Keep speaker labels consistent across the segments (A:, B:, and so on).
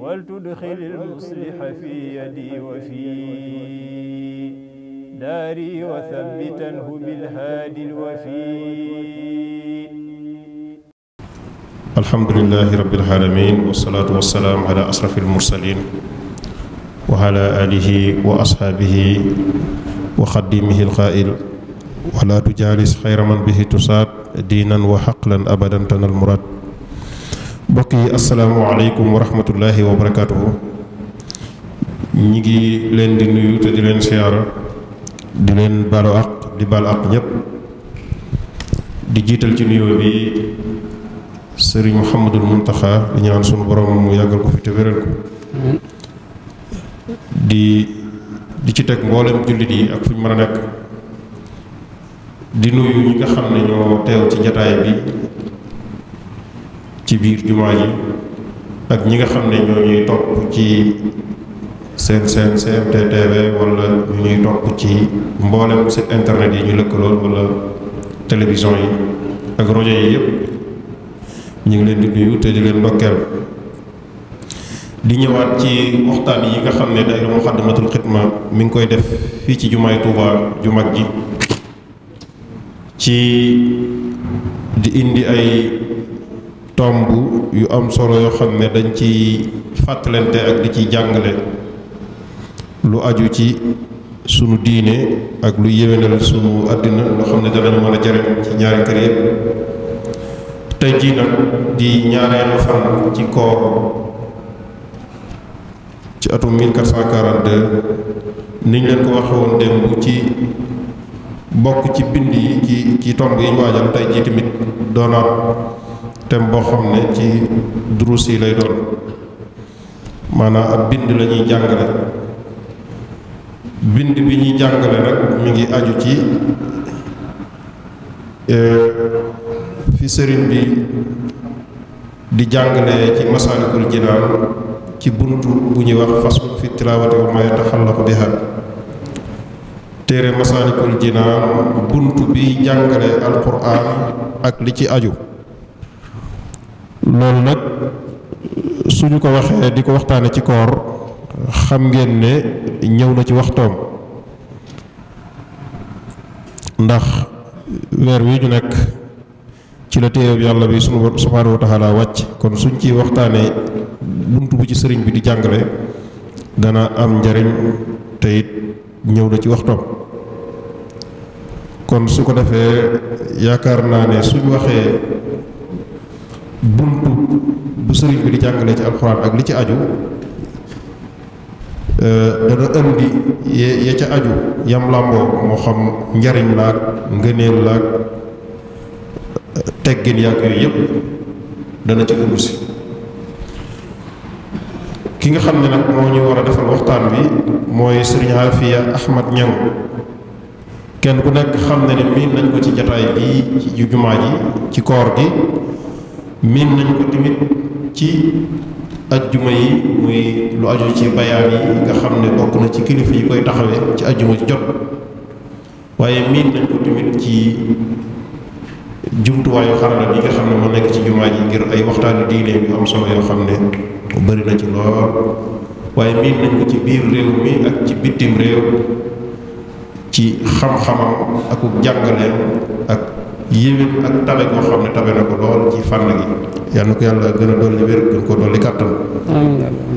A: ولتدخل المصلح في يدي وفي داري وثبتنه بالهادي الوفي
B: الحمد لله رب العالمين والصلاة والسلام على أشرف المرسلين وعلى آله وأصحابه وخديمه القائل ولا تجالس خير من به تصاب دينا وحقلا أبدا تنال المراد mbokk yi asalaamaaleykum wa rahmatullahi wa barakaatuhu ñi ngi leen di nuyu te di leen siyaara di leen baalu àq di baalu àq ñépp di jiital ci nuyoo bi sëriñ Mouhamadul Muntaxa di ñaan sunu borom mu yàggal ko fi te di di ci teg mboolem jullit yi ak fu ñu mën a nekk di nuyu ñi nga xam ne ñoo teew ci jataay bi ci biir jumaa yi ak ñi nga xam ne ñoo ñuy topp ci seen seen CMTTV wala ñu ñuy topp ci mboolem site internet yi ñu lëkkalool wala télévision yi ak rajo yi yëpp ñu ngi leen di nuyu te di leen ndokkeel di ñëwaat ci waxtaan yi nga xam ne daayira Muxaddamatul Xidma mi ngi koy def fii ci jumaay Tuuba ju mag ji ci di indi ay tomb yu am solo yoo xam ne dañ ci fàttalante ak di ci jàngale lu aju ci sunu diine ak lu yéwénal sunu àddina loo xam ne danañu mën a jariñ ci ñaari kër tey jii nag di ñaareelu fan ci koor ci atum 1442 leen ko waxewoon woon démb ci bokk ci bind yi ci ci tomb yi ñu tey jii tamit doonaat thème boo xam ne ci durus yi lay doon maanaam ab bind la ñuy jàngale bind bi ñuy jàngale nag mi ngi aju ci eh, fi sëriñ bi di jàngale ci masaalikul jinaan ci buntu bu ñuy wax fas fi tilaawati wa ma yataxallaqu biha téere masaalikul jinaan buntu bi jàngale alquran ak li ci aju loolu nag suñu ko waxee di ko waxtaane ci koor xam ngeen ne ñëw na ci waxtoom ndax weer wi ñu nekk ci la téeréb yàlla bi sunu subhaanahu wa wàcc kon suñ ci waxtaanee bunt bu ci sëriñ bi di jàngale dana am njariñ te ñëw na ci waxtoom kon su ko defee yaakaar naa ne suñ waxee buntu bu sëriñ bi di jàngalee ci alxuraan ak li ci aju euh, dana indi ye ya ca aju yam làmboo moo xam njariñ laa ngëneel laag teggin yàgg yooyu yëpp dana ci dugg si ki nga xam ne nag moo ñu war a defal waxtaan wi mooy sëriñ Afia Ahmad Ñang kenn ku nekk xam ne ne miin nañ ko ci jataay bi ci jumaa ji ci koor gi miin nañ ko tamit ci ajjuma yi muy lu aju ci bayaan yi nga xam ne bokk na ci kilifa yi koy taxawee ci ajjuma jot waaye miin nañ ko tamit ci jumtuwaayu xarala yi nga xam ne moo nekk ci jumaa ji ngir ay waxtaanu diine yu am solo yoo xam ne bëri na ci lool waaye miin nañ ko ci biir réew mi ak ci bitim réew ci xam-xamam ak jàngaleem ak yéwén ak tabe goo xam ne tabe na ko lool ci fànn gi yàlla na ko yàlla gën a dolli wér gën ko dolli kàttan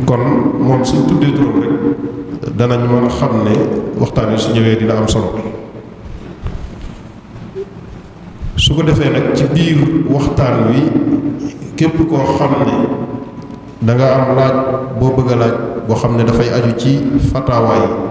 B: kon moom suñ tuddee turam rek danañ mën xam ne waxtaan wi su ñëwee dina am solo su ko defee nag ci biir waxtaan wi képp koo xam ne da am laaj boo bëgg laaj boo xam ne dafay aju ci fataawaay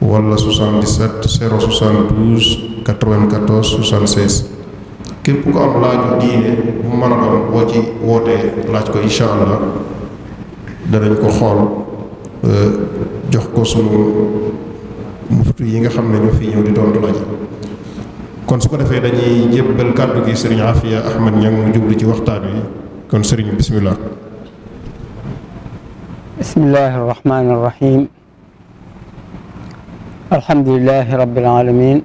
B: wala 77 072 94 76 képp ko am laaju diine bu mën a doon boo ci wootee laaj ko incha allah danañ ko xool euh, jox ko sunu muftu yi nga xam ne ñoo fi ñëw di tontu laaj kon su ko defee dañuy jébbal kàddu gi sëriñ Afia Ahmed Niang mu jublu ci waxtaan wi kon sëriñ bismillah
C: bismillahi rahmaani rahim alhamdulilahi rabilalamin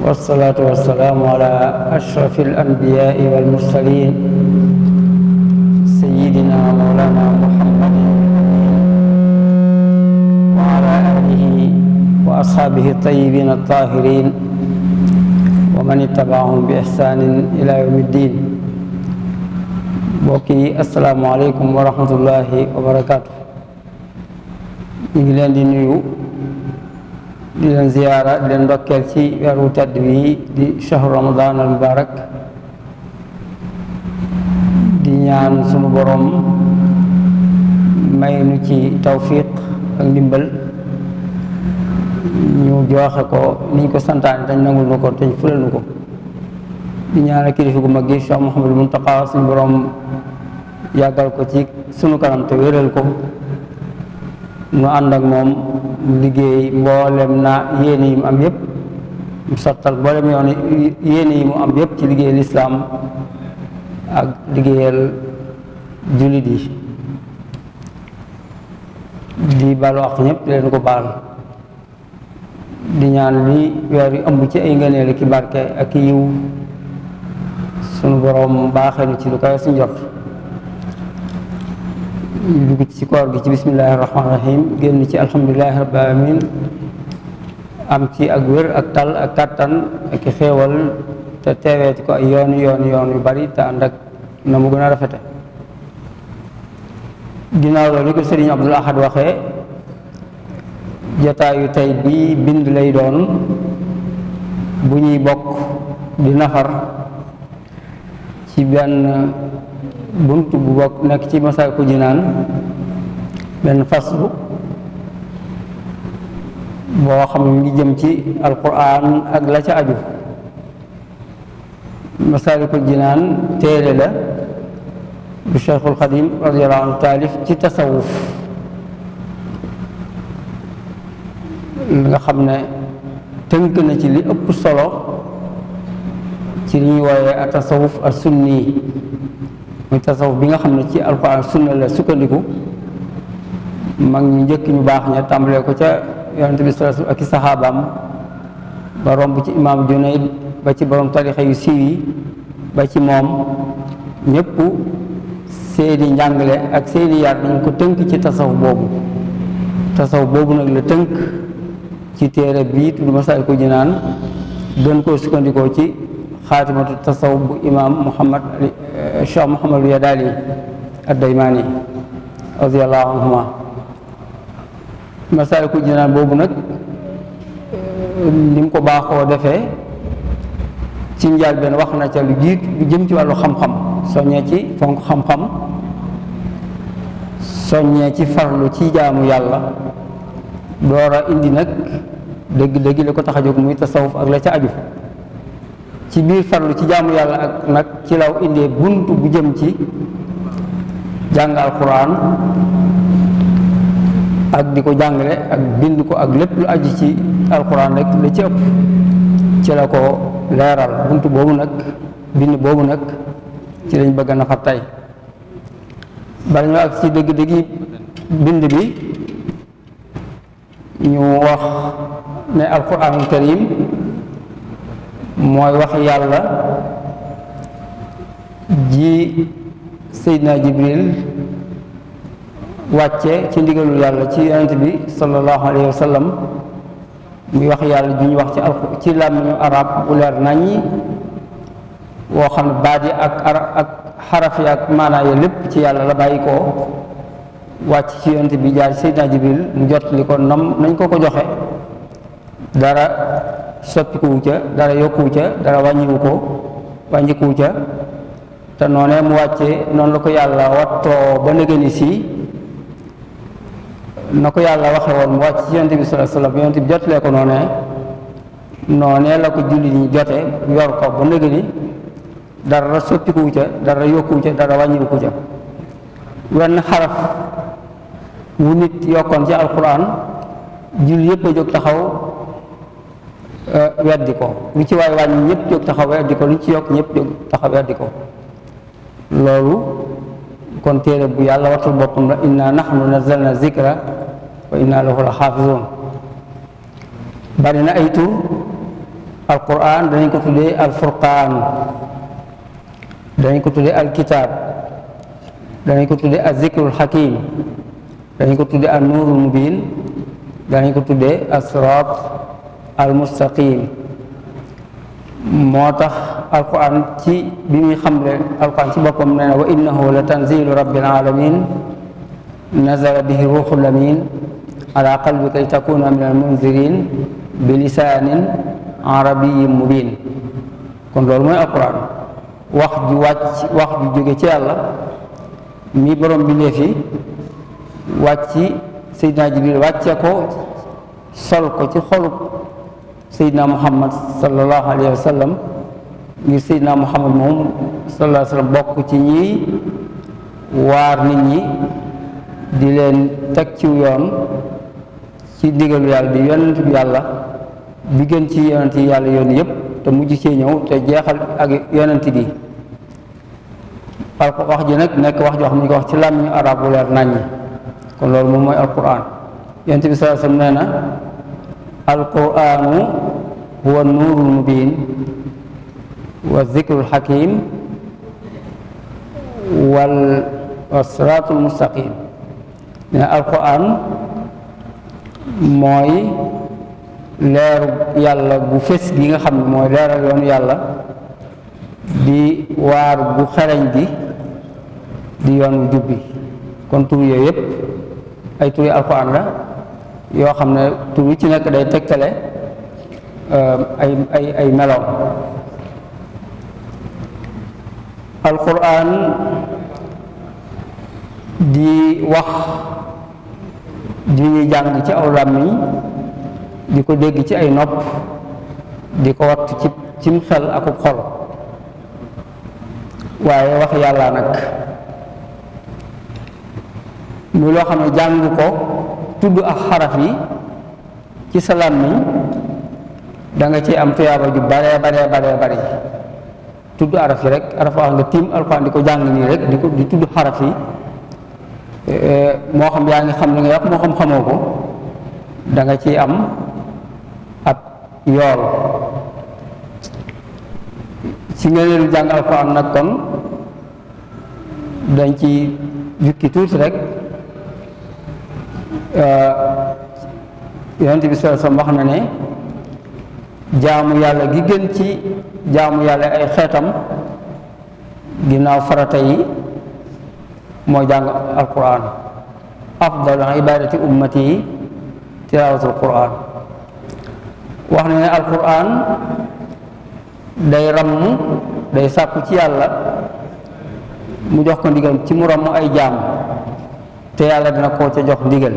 C: walsalaatu walsalaamu ala ashrafi alanbiyaai walmursalin sayidina mawlana muhammadin wa ala alihi wa ashaabihi altayibin altahirin wa man ittabacahum bi ixsanin ila yawmi ddin mbokk yi asalaamu aleykum wa rahmatullahi wa barakatuh ñu ngi leen di nuyu di leen ziyaara di leen ndokkeel ci weeru tedd bi di shahru ramadan al di ñaan sunu boroom may nu ci tawfiq ak ndimbal ñu joxe ko niñ ko santaane dañ nangul nu ko teñ fulal nu ko di ñaanal kilifa gu mag gi Cheikh Mouhamadou Mountakha borom yàggal ko ci sunu kanam te ko nu ànd ak moom liggéey mboolem na yéene yi mu am yépp mu sottal mboolem yoon yéene yi mu am yépp ci liggéey islaam ak liggéeyal jullit yi di baal wax ñëpp leen ko baal di ñaan li yor yu ëmb ci ay ngëneel ki barke ak yiw sunu boroom baaxee nu ci lu kawe si njort ñu dugg ci koor gi ci bismillaahi rahmaani rahiim génn ci alhamdulillahi rabbil alamin am ci ak wér ak tal ak kàttan ak xéewal te teeweeti ko ay yoon yoon yoon yu bari te ànd ak na mu gën a rafete ginnaaw loolu ko sëriñ Abdul Ahad waxee jataayu tey bi bind lay doon bu ñuy bokk di nafar ci benn bunt bu bokk nag ci Masaalikul Jinaan benn fas boo xam ne ngi jëm ci alquran ak la ca aju Masaalikul Jinaan téere la bu Cheikhul Xadim radiyallahu taalif ci tasawuf nga xam ne tënk na ci li ëpp solo ci li ñuy wooyee a tasawuf as sunni muy tasawuf bi nga xam ne ci alquran sunna la sukkandiku mag ñu njëkk ñu baax ña tàmbalee ko ca yonente bi ak i ba romb ci imaam Junayd ba ci borom tarixa yu siiw yi ba ci moom ñëpp seeni njàngale ak seeni yar dañ ko tënk ci tasawuf boobu tasawuf boobu nag la tënk ci téere bii tudd Masaalikul Jinaan gën koo sukkandikoo ci xaatimatu tasawuf bu imaam Muhammad eh, Cheikh Muhammad Yadaali ad-Daymaani radiyallahu anhuma Masaalikul Jinaan boobu nag eh, ni mu ko baaxoo defee ci njaal benn wax na ca lu jiit lu jëm ci wàllu xam-xam soññee ci fonk xam-xam soññee ci farlu ci jaamu yàlla door indi nag dëgg-dëgg li ko tax a jóg muy tasawuf ak la ca aju ci biir farlu ci jaamu yàlla ak nag ci law indee bunt bu jëm ci jàng alxuraan ak di ko jàngale ak bind ko ak lépp lu aju ci alxuraan rek la ci ëpp ci la ko leeral bunt boobu nag bind boobu nag ci lañ bëgg nafa tey bala ñu ak ci dëgg-dëggi bind bi ñu wax ne alxuraanul karim mooy wax yàlla ji seydina jibril wàcce ci ndigalul yàlla ci yonent bi sallallahu alayhi wa sallam muy wax yàlla ju ñu wax ci al ci làmmiñu arab bu leer naññi woo xam ne baat yi ak ara ak xaraf yi ak maanaa lépp ci yàlla la bàyyi koo wàcc ci yonent bi jaar seydina jibril mu jot li ko nam nañ ko ko joxe dara soppikuwu ca dara yokkuwu ca dara wàññiwu ko wàññikuwu ca te noonee mu wàcce noonu la ko yàlla wattoo ba nëgëni si na ko yàlla waxe woon mu wàcc ci yonent bi sallallahu alayhi wasallam yonent bi jotalee ko noonee noonee la ko jullit ñi jote yor ko ba nëgëni dara soppikuwu ca dara yokkuwu ca dara wàññiwu ko ca wenn xaraf wu nit yokkoon ci alquran jullit yépp a jóg taxaw Euh, weddi ko lu ci waay wàññi ñëpp ko lu ci yokk ñëpp jóg taxaw kon téere bu yàlla watul boppam la inna nahnu nazzalna zikra wa inna lahu xaafizun bari na ay tur alquran danañ ko tuddee alfurqaan danañ ko tuddee alkitaab danañ ko tuddee azikrul xakim danañ ko tuddee annuurul mubin danañ ko tuddee asiraat almustaqim moo tax alquran ci bi muy xamle alquran ci boppam nee na wa innahu la tanzilu rabbil alamin nazala bihi ruuxul amin ala qalbika litakuna min almunzirin bi lisaanin arabiyyin mubin kon loolu mooy alquran wax ju wàcc wax ju jóge ci yàlla mi borom bi léefi wàcc Seydina Jibril wàcce ko sol ko ci xolub Seydina Muhammad sallallahu alayhi wa sallam ngir Seydina Muhammad moom sallallahu alayhi wa bokk ci ñi waar nit ñi di leen teg ci yoon ci ndigalu yàlla bi yonent bi yàlla bi gën ci yonent yi yàlla yoon yépp te mujj cee ñëw te jeexal ak yonent bi al wax ji nag nekk wax joo xam ne wax ci làmmiñu arab bu kon loolu moom yonent bi sallallahu alayhi wa na alquranu huwa nuurul mubin wa zikrul hakim wal siraatul mustaqim ne alquran mooy leeru yàlla bu fés gi nga xam ne mooy leeral yoonu yàlla di waar bu xereñ gi di yoon wu jubbi kon tur yooyu yëpp ay turi alquran la yoo xam ne tur wu ci nekk day tegtale euh, ay ay ay meloom alquran di wax di ñuy jàng ci aw làmmiñ di ko dégg ci ay nopp di ko wattu ci cim xel aku xol waaye wax yàlla nag mu loo xam ne jàng ko tudd ak xaraf yi ci sa làmmiñ danga ci am tuyaaba ju bare baree baree bari tudd araf yi rek araf wax nga tiim alxuraan di ko jàng nii rek di ko di tudd xaraf yi eh, moo xam yaa ngi xam li nga wax moo xam xamoo ko da ci am ab yool ci ngëneelu jàng alxuraan nag kon dañ ci jukki tuuti rek Euh, yonent bi sallallahu alayhi wax na ne jaamu yàlla gi gën ci jaamu yàlla ay xeetam ginnaaw farata yi mooy jàng alquran afdalu ibadati ummati yi tilaawatul quran wax na ne alquran day ramm day sàkku ci yàlla mu jox ko ndigal ci mu ramm ay jaam te yàlla dina koo ca jox ndigal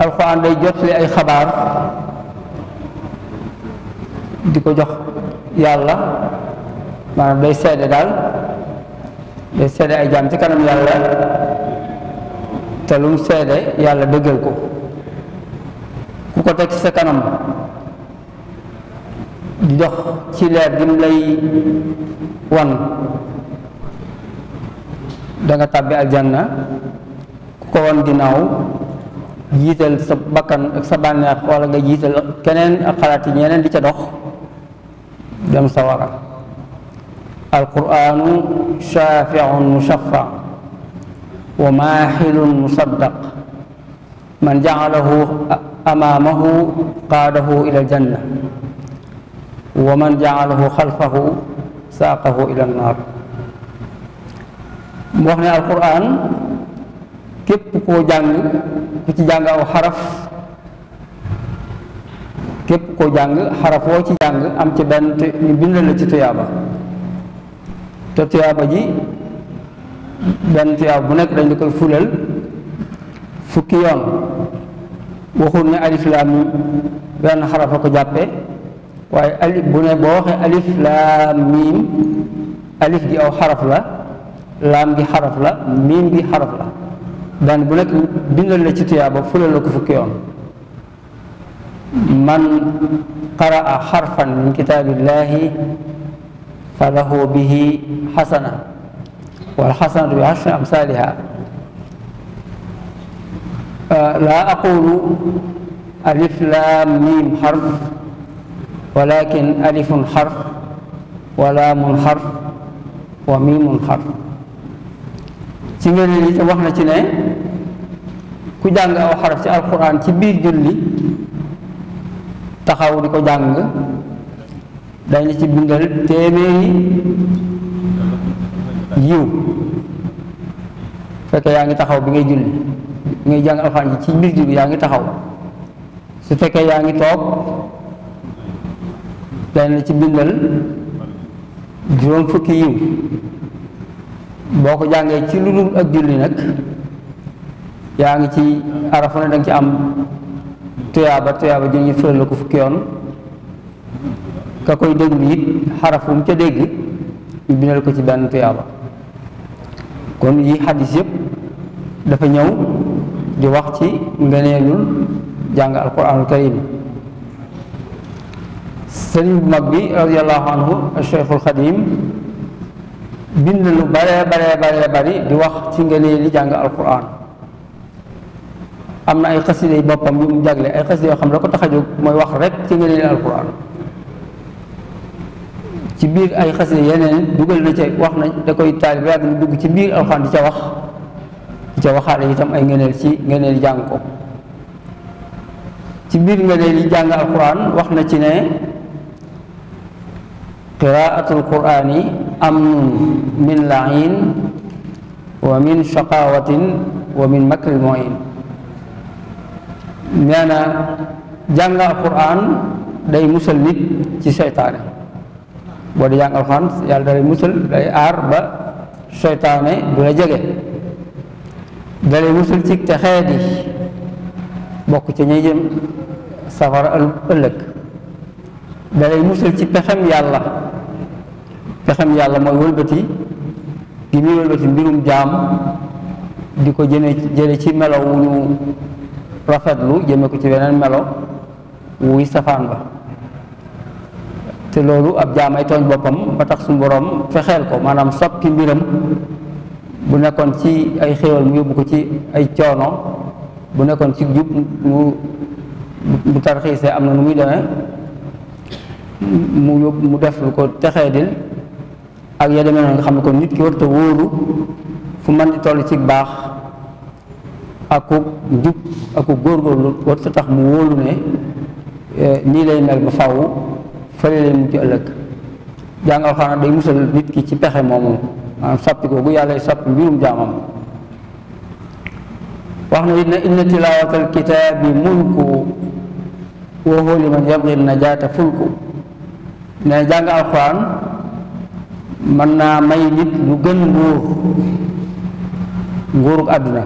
C: alxuraan day jotli ay xabaar di ko jox yàlla maanaam day seede daal day seede ay jaam ci kanam yàlla te lu mu seede yàlla dëggal ko ku ko teg ci sa kanam di dox ci leer gi mu lay wan danga tàbbi aljanna ku ko woon ginnaaw jiital sa bakkan ak sa bànneex wala nga jiital keneen ak xalaat yi ñeneen di ca dox dem sawara alquranu shafiun mushaffa wa maaxilun musaddaq man jacalahu amaamahu qaadahu ila aljanna wa man jacalahu xalfahu saaqahu ila annaar mu wax ne alquran képp koo jàng ku ci jàng aw xaraf képp koo jàng xarafoo ci jàng am ci benn te ñu bindal la ci tuyaaba te tuyaaba ji benn tuyaaba bu nekk dañ la koy fulal fukki yoon waxul ne alif laam mim benn xarafa ko jàppe waaye alif bu ne boo waxee alif laam mim alif gi aw xaraf la laam gi xaraf la miim gi xaraf la daan bu nekk bindal la ci tuyaaba fulal la ko fukki yoon man qaraa xarfan min kitaabillaahi fa lahu bihi xasana wal xasanatu bi ashri amsaaliha euh, laa aqulu alif laam miim xarf walakin alifun xarf wa laamun xarf wa miimun xarf ci ngeen li wax na ci ne ku jàng aw xaraf ci alxuraan ci biir julli taxaw di ko jàng dañ la ci bindal téeméeri yiw fekkee yaa ngi taxaw bi ngay julli bi ngay jàng alxuraan ji ci biir julli yaa ngi taxaw su fekkee yaa ngi toog dañ la ci bindal juróom fukki yiw boo ko jàngee ci lu dul ak julli nag yaa ngi ci arafa ne danga ci am tuyaaba tuyaaba ju ñu fëral la ko fukki yoon ka koy déglu it xarafum ca dégg ñu bindal ko ci benn tuyaaba kon yi xadis yëpp dafa ñëw di wax ci ngëneelul jàng alquranul karim sëriñ bu mag bi radiallahu anhu cheikhul xadim bind lu bare bare bare bari di wax ci li jàng alquran am na ay xasida yi boppam yu mu jagle ay xasida yoo xam ne la ko tax a jóg mooy wax rek ci ngëneeli alquran ci biir ay xasida yeneen dugal na ca wax na da koy taalib yàgg na dugg ci biir alquran di ca wax di ca waxaale itam ay ngëneel ci ngëneeli jàng ko ci biir ngëneeli jàng alquran wax na ci ne qiraatul quraani amnun min lain wa min shaqaawatin wa min makril muin nee na jàng alquran day musal nit ci seytaane boo di jàng alquran yàlla dalay musal day aar ba seytaane la jege dalay musal ci te xeedi bokk ci ñuy jëm safara ëllëg dalay musal ci pexem yàlla pexem yàlla mooy wëlbati gi muy wëlbati mbirum jaam di ko jëme jële ci melo wu ñu rafetlu jëme ko ci beneen melo wuy safaan ba te loolu ab jaam ay tooñ boppam ba tax suñu boroom fexeel ko maanaam soppi mbiram bu nekkoon ci ay xéewal mu yóbbu ko ci ay coono bu nekkoon ci jub mu bu tarxiisee am na nu muy demee mu yóbbu mu def lu ko texee dil ak yoo demee noonu nga xam ne ko nit ki warut a wóolu fu mën di toll ci baax ak ku jub ak ku góorgóorlu warut a tax mu wóolu ne eh, nii lay mel ba faaw fële lay mujj ëllëg jàng alxuraan day musal nit ki ci pexe moomu maanaam sàppi googu yàlla sàpp mbirum jaamam wax na it na inna tilaawatal kitaabi mulku wa huwa liman yabghi najaata fulku ne jàng alxuraan mën naa may nit lu gën nguur nguurug àdduna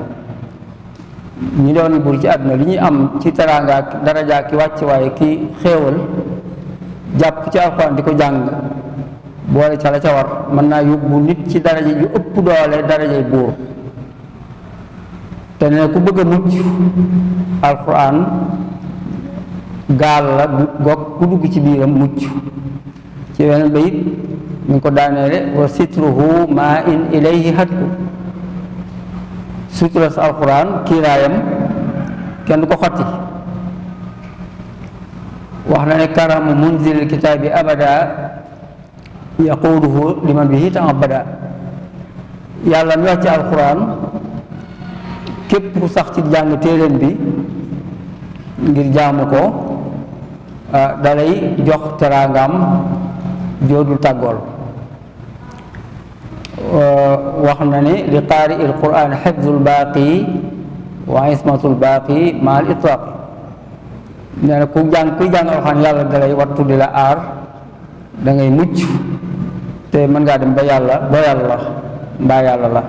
C: ñi doon buur ci àdduna li ñuy am ci teraanga ak ki wàcc waaye ki xéewal jàpp ci alxuraan di ko jàng boole ca la ca war mën naa yóbbu nit ci daraja yu ëpp doole darajay buur te ne ku bëgg a mucc alxuraan gaal la goog ku dugg ci biiram mucc ci weneen ba it mi ko daaneele wa sitruhu ma in ilayhi hatku sutura sa alxuraan kiiraayam kenn du ko xotti wax na ne karamu munzil kitaabi abada yaquuduhu liman bihi ta'abbada yàlla mi wax ci alxuraan képp ku sax ci jàng téeréen bi ngir jaamu ko ah, dalay jox teraangam joodul tàggool Euh, wax na ni li qaari il quran xifdul baaqi wa ismatul baaqi ma itlaq nee na ku jàng kuy jàng alxuraan yàlla dalay wattu di la aar dangay ngay mucc te mën ngaa dem ba yàlla ba yàlla la mbaa yàlla la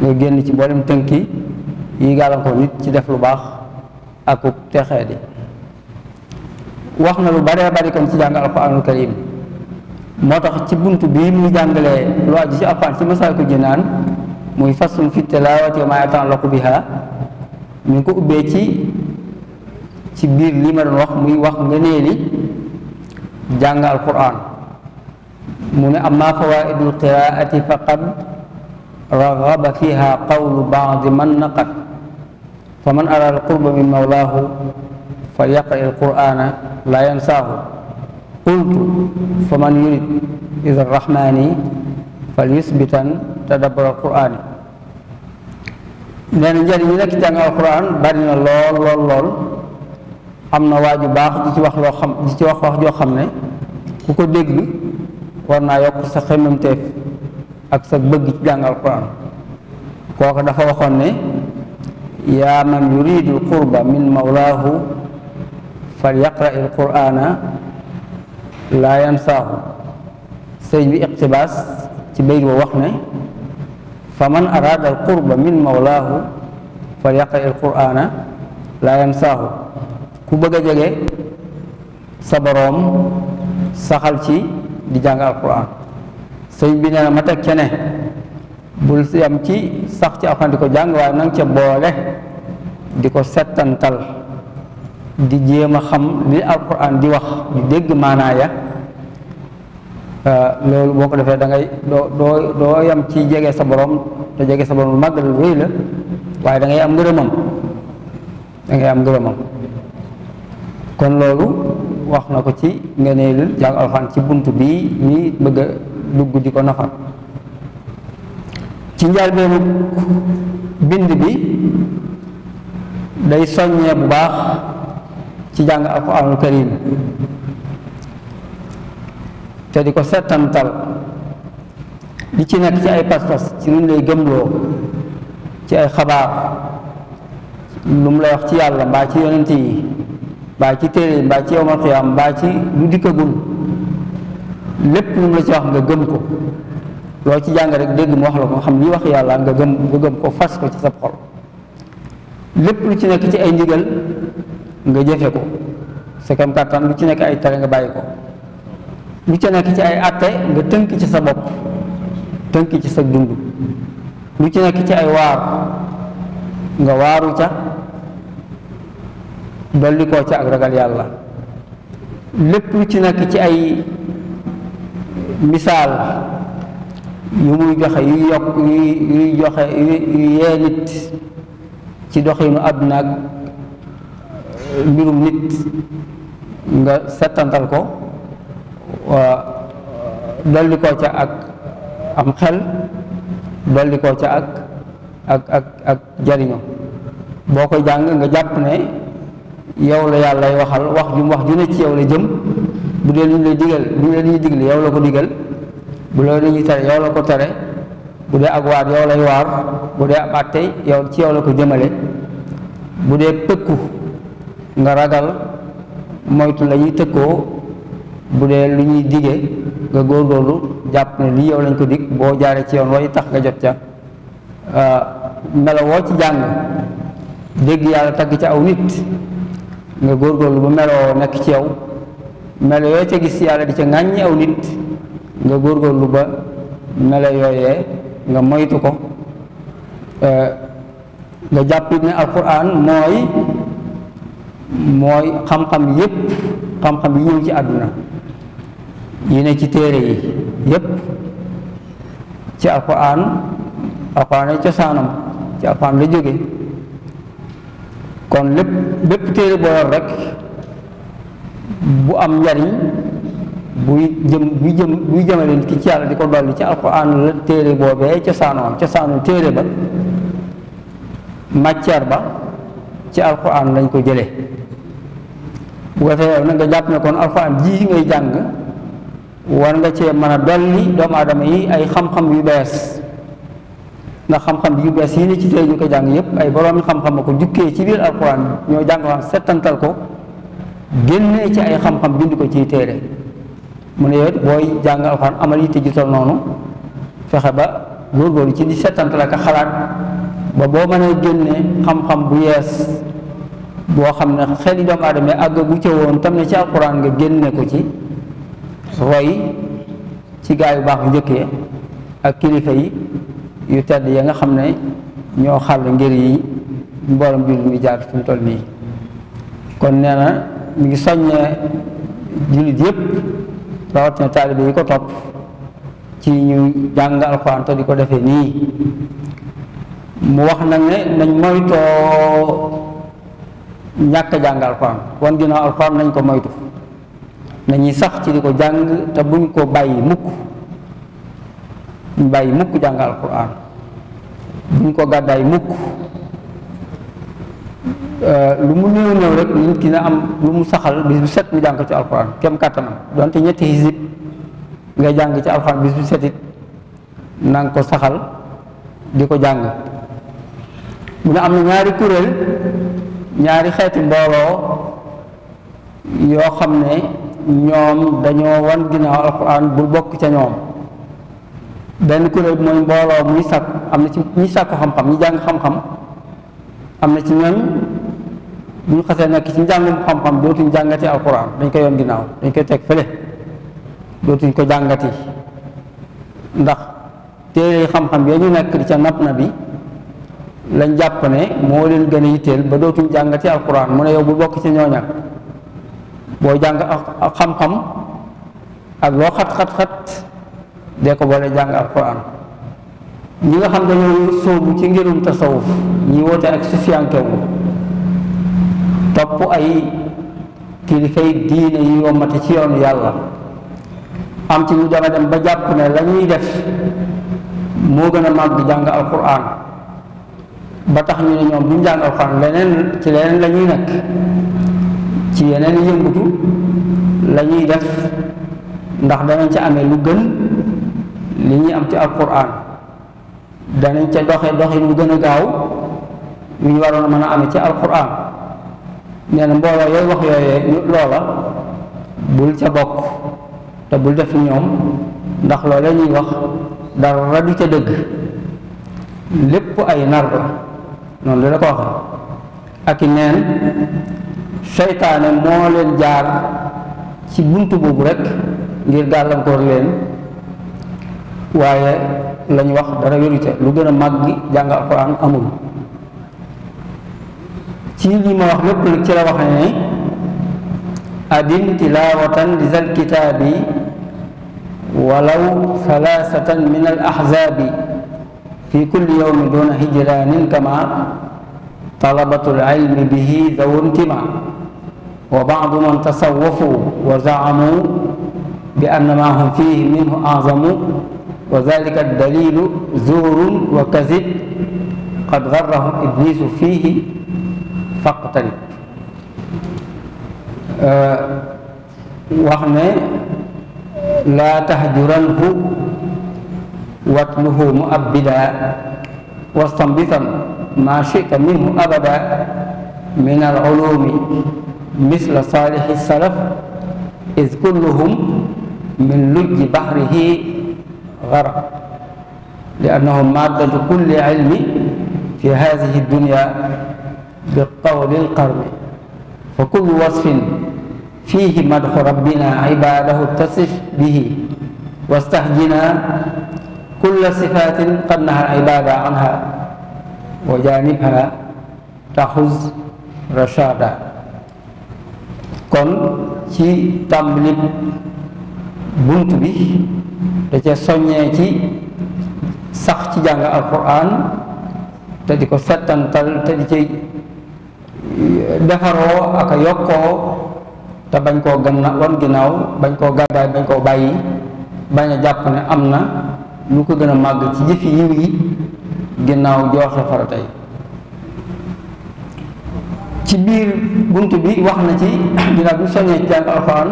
C: nga génn ci mboolem tënki yi gàllankoor nit ci def lu baax akub texee di wax na lu baree bari kon ci jàng alxuraanul karim moo tax ci bunt bii muy jàngalee lu aju ci alxuraan ci Masaalikul Jinaan muy faslun fi tilaawati wa maa yata'allaqu bihaa ñu ngi ko ubbee ci ci biir li ma doon wax muy wax ngëneeli jàng alxuraan mu ne ammaa fawaaidul qiraati faqad raghaba fiha qawlu ba'di man naqad fa man al qurba min mawlaahu falyaqra al qur'aana laa yansaahu qultu fa man yurid ida rahmani fal yusbitan tadabbur alqurani nee na njëriñ nekk ci jàng bari na lool lool am na waaju baax ji ci wax loo xam ji ci wax wax joo xam ne ku ko dégg war naa yokk sa xemmamteef ak sa bëgg ci jàng alquran kooku dafa waxoon ne yaa man yuridu alqurba min fa fal yaqra alqurana laa yansaahu sëriñ bi iqtibaas ci bayt wa wax ne fa man araada al qurba min mawlaahu fal yaqra al quraana laa yansaahu ku bëgg a jege sa boroom saxal ci di jàng al quraan sëriñ bi nee na ma teg ca ne bul yam ci sax ci alxuraan di ko jàng waaye nang boole di ko settantal di jéem a xam li alquran di wax di dégg maanaa ya euh, loolu boo ko defee dangay ngay doo doo doo yam ci jege sa boroom te jege sa borom lu màgg la lu la waaye dangay am ngërëmam dangay am ngërëmam kon loolu wax na ko ci ngeneelul jàng alxuraan ci bunt bii ñuy bëgg dugg di ko nafar ci njaalbeenu bind bi day soññee bu baax ci jàng alquranul karim te di ko settantal li ci nekk ci ay pas-pas ci luñ lay gëmloo ci ay xabaar lu mu lay wax ci yàlla mbaa ci yonent yi mbaa ci téere mbaa ci yawmal qiyaam mbaa ci lu dikkagul lépp lu mu la ci wax nga gëm ko loo ci jàng rek dégg mu wax la ko nga xam li wax yàlla nga gëm nga gëm ko fas ko ci sab xol lépp lu ci nekk ci ay ndigal nga jëfe ko sa kem kàttan lu ci nekk ay tere nga bàyyi ko lu ci nekk ci ay atte nga tënk ci sa bopp tënk ci sa dund lu ci nekk ci ay waar nga waaru ca dolli koo ca ak ragal yàlla lépp lu ci nekk ci ay misaal yu muy joxe yuy yokk yuy yuy joxe yu yee nit ci doxinu àdduna ak mbirum nit nga settantal ko dolli koo ca ak am xel dolli koo ca ak ak ak ak jariño boo koy jàng nga jàpp ne yow la yàllay waxal wax ju wax ju ne ci yow la jëm bu dee lu ñu lay digal bu dee lu ñuy digle yow la ko digal bu dee lu ñuy tere yow la ko tere bu dee ak waar yow lay waar bu dee ab àtte yow ci yaw la ko jëmale bu dee pëkku nga ragal moytu la ñuy tëkkoo bu dee lu ñuy dige nga góorgóorlu jàpp ne lii yow lañ ko dig boo jaaree ci yoon way tax nga jot ca euh, melo woo ci jàng dégg yàlla tagg ca aw nit nga góorgóorlu ba meloo nekk ci yow melo yooyu ca gis yàlla di ca ŋàññi aw nit nga góorgóorlu ba melo yooyee nga moytu ko euh, nga jàpp ne alquran mooy mooy xam-xam yépp xam-xam yi ñëw ci àdduna yi ne ci téere yi yépp ci alquran alquran ay cosaanam ci alquran la jóge kon lépp bépp téere boo rek bu am njariñ buy jëm buy jëm buy jëmaleen di ko dolli ci alquran la téere boobee cosaanoo cosaanu téere ba matière ba ci alquran lañ ko jëlee bu ko defee yow nag nga jàpp ne kon alxuraan jii ngay jàng war nga cee mën a dolli doomu aadama yi ay xam-xam yu bees nga xam-xam yu bees yi ni ci tey ñu ko jàng yépp ay boroomi xam-xam a ko jukkee ci biir alxuraan ñoo jàng xam settantal ko génnee ci ay xam-xam bind ko ci téere mu ne yowet booy jàng alxuraan amal yi ju tol noonu fexe ba góorgóorlu ci di settantal ak xalaat ba boo mënee génne xam-xam bu yees boo xam ne xeli doomu aadama àggagu ca woon tam ne ci alxuraan nga ne ko ci roy ci gaa yu baax yu njëkkee ak kilifa yi yu tedd ya nga xam ne ñoo xàll ngir yi mboolam jullit mi jaar fi mu toll nii kon nee na mu ngi soññee jullit yépp rawatina taalibe yi ko topp ci ñu jàng alxuraan te di ko defee nii mu wax nag ne nañ moytoo ñàkk a jàng alxuraan wan ginnaaw alxuraan nañ ko moytu nañuy sax ci di ko jàng te buñ ko bàyyi mukk buñ bàyyi mukk jàng alxuraan buñ ko gàddaay mukk euh, lu mu néew néew rek nit ki na am lu mu saxal bis bu set mu jàng ci alxuraan kem kàttanam donte ñetti xisib nga jàng ci alxuraan bis bu set it ko saxal di ko jàng mu ne am na ñaari kuréel ñaari xeeti mbooloo yoo xam ne ñoom dañoo wan ginnaaw alquran bul bokk ca ñoom benn kuréel mooy mbooloo muy sàkk am na ci ñi sàkku xam-xam ñi jàng xam-xam am na ci ñooñ bu ñu xasee nekk ci njàngum xam-xam dootuñ jàngati alquran dañ koy yoon ginnaaw dañ koy teg fële dootuñ ko jàngati ndax téere xam-xam ya ñu nekk di ca napp na bi lañ jàpp ne moo leen gën a yitteel ba dootuñ jàngati alquran mu ne yow bu bokk ci ñooña boo jàng ak xam-xam ak loo xat-xat-xat dee ko boole jàng alquran ñi nga xam dañoo sóobu ci ngirum tasawuf ñi woote ak sufiyankewu topp ay kilifay diine yi yombati ci yoonu yàlla am ci ñu dama dem ba jàpp ne la ñuy def moo gën a màgg jàng alquran ba tax ñu ne ñoom bu ñu jàng alxuraan leneen ci leneen la ñuy nekk ci yeneen yëngutu la def ndax danañ ca amee lu gën li ñuy am ci alxuraan danañ ca doxe doxin wu gën a gaaw wi waroon a mën a ame ci alxuraan nee na mbooloo yooyu wax yooyee loola bul ca bokk te bul def ñoom ndax loola ñuy wax dara du ca dëgg lépp ay nar la noonu la ko waxe ak i neen seytaane moo leen jaar ci bunt boobu rekk ngir gàllankoor leen waaye lañ wax dara wérute lu gën a màgg jàng alxuraan amul ci li ma wax lépp nag ci la waxe ne adin tilaawatan li zal kitaabi walaw salaasatan min al ahzaabi fi kulli yawmin duna hijranin kama talabatul ilmi bihi dawu intima wa ba'du man tasawwafu wa za'amu bi anna ma hum fihi minhu a'zamu wa dhalika ad-dalilu zuurun wa kadhib qad gharrahum iblisu fihi faqtarib wax ne laa tahjuranhu watluhu muabbida wastanbitan ma chita minhu abada min alulumi misla saalihi salaf is kulluhum min lujji bahrihi garab liannahum maddatu kulli ilmi fi hadihi dunya bi qawli alqarni fa kullu wasfin fiihi madhu rabbina ibadahu tasif bihi wastahjina kulla sifaatin qad naha al ibaada anha wa jaanibha taxuz rashada kon ci tàmbali bunt bi da ca soññee ci sax ci jàng alquran te di ko settantal te di ci defaroo ak yokkoo te bañ koo gannaaw wan ginnaaw bañ koo gàddaay bañ koo bàyyi bañ a jàpp ne am na lu ko gën a màgg ci jëfi yiw gi ginnaaw joxe farata ci biir bunt bi wax na ci ginnaaw bu soññee ci jàng alxuraan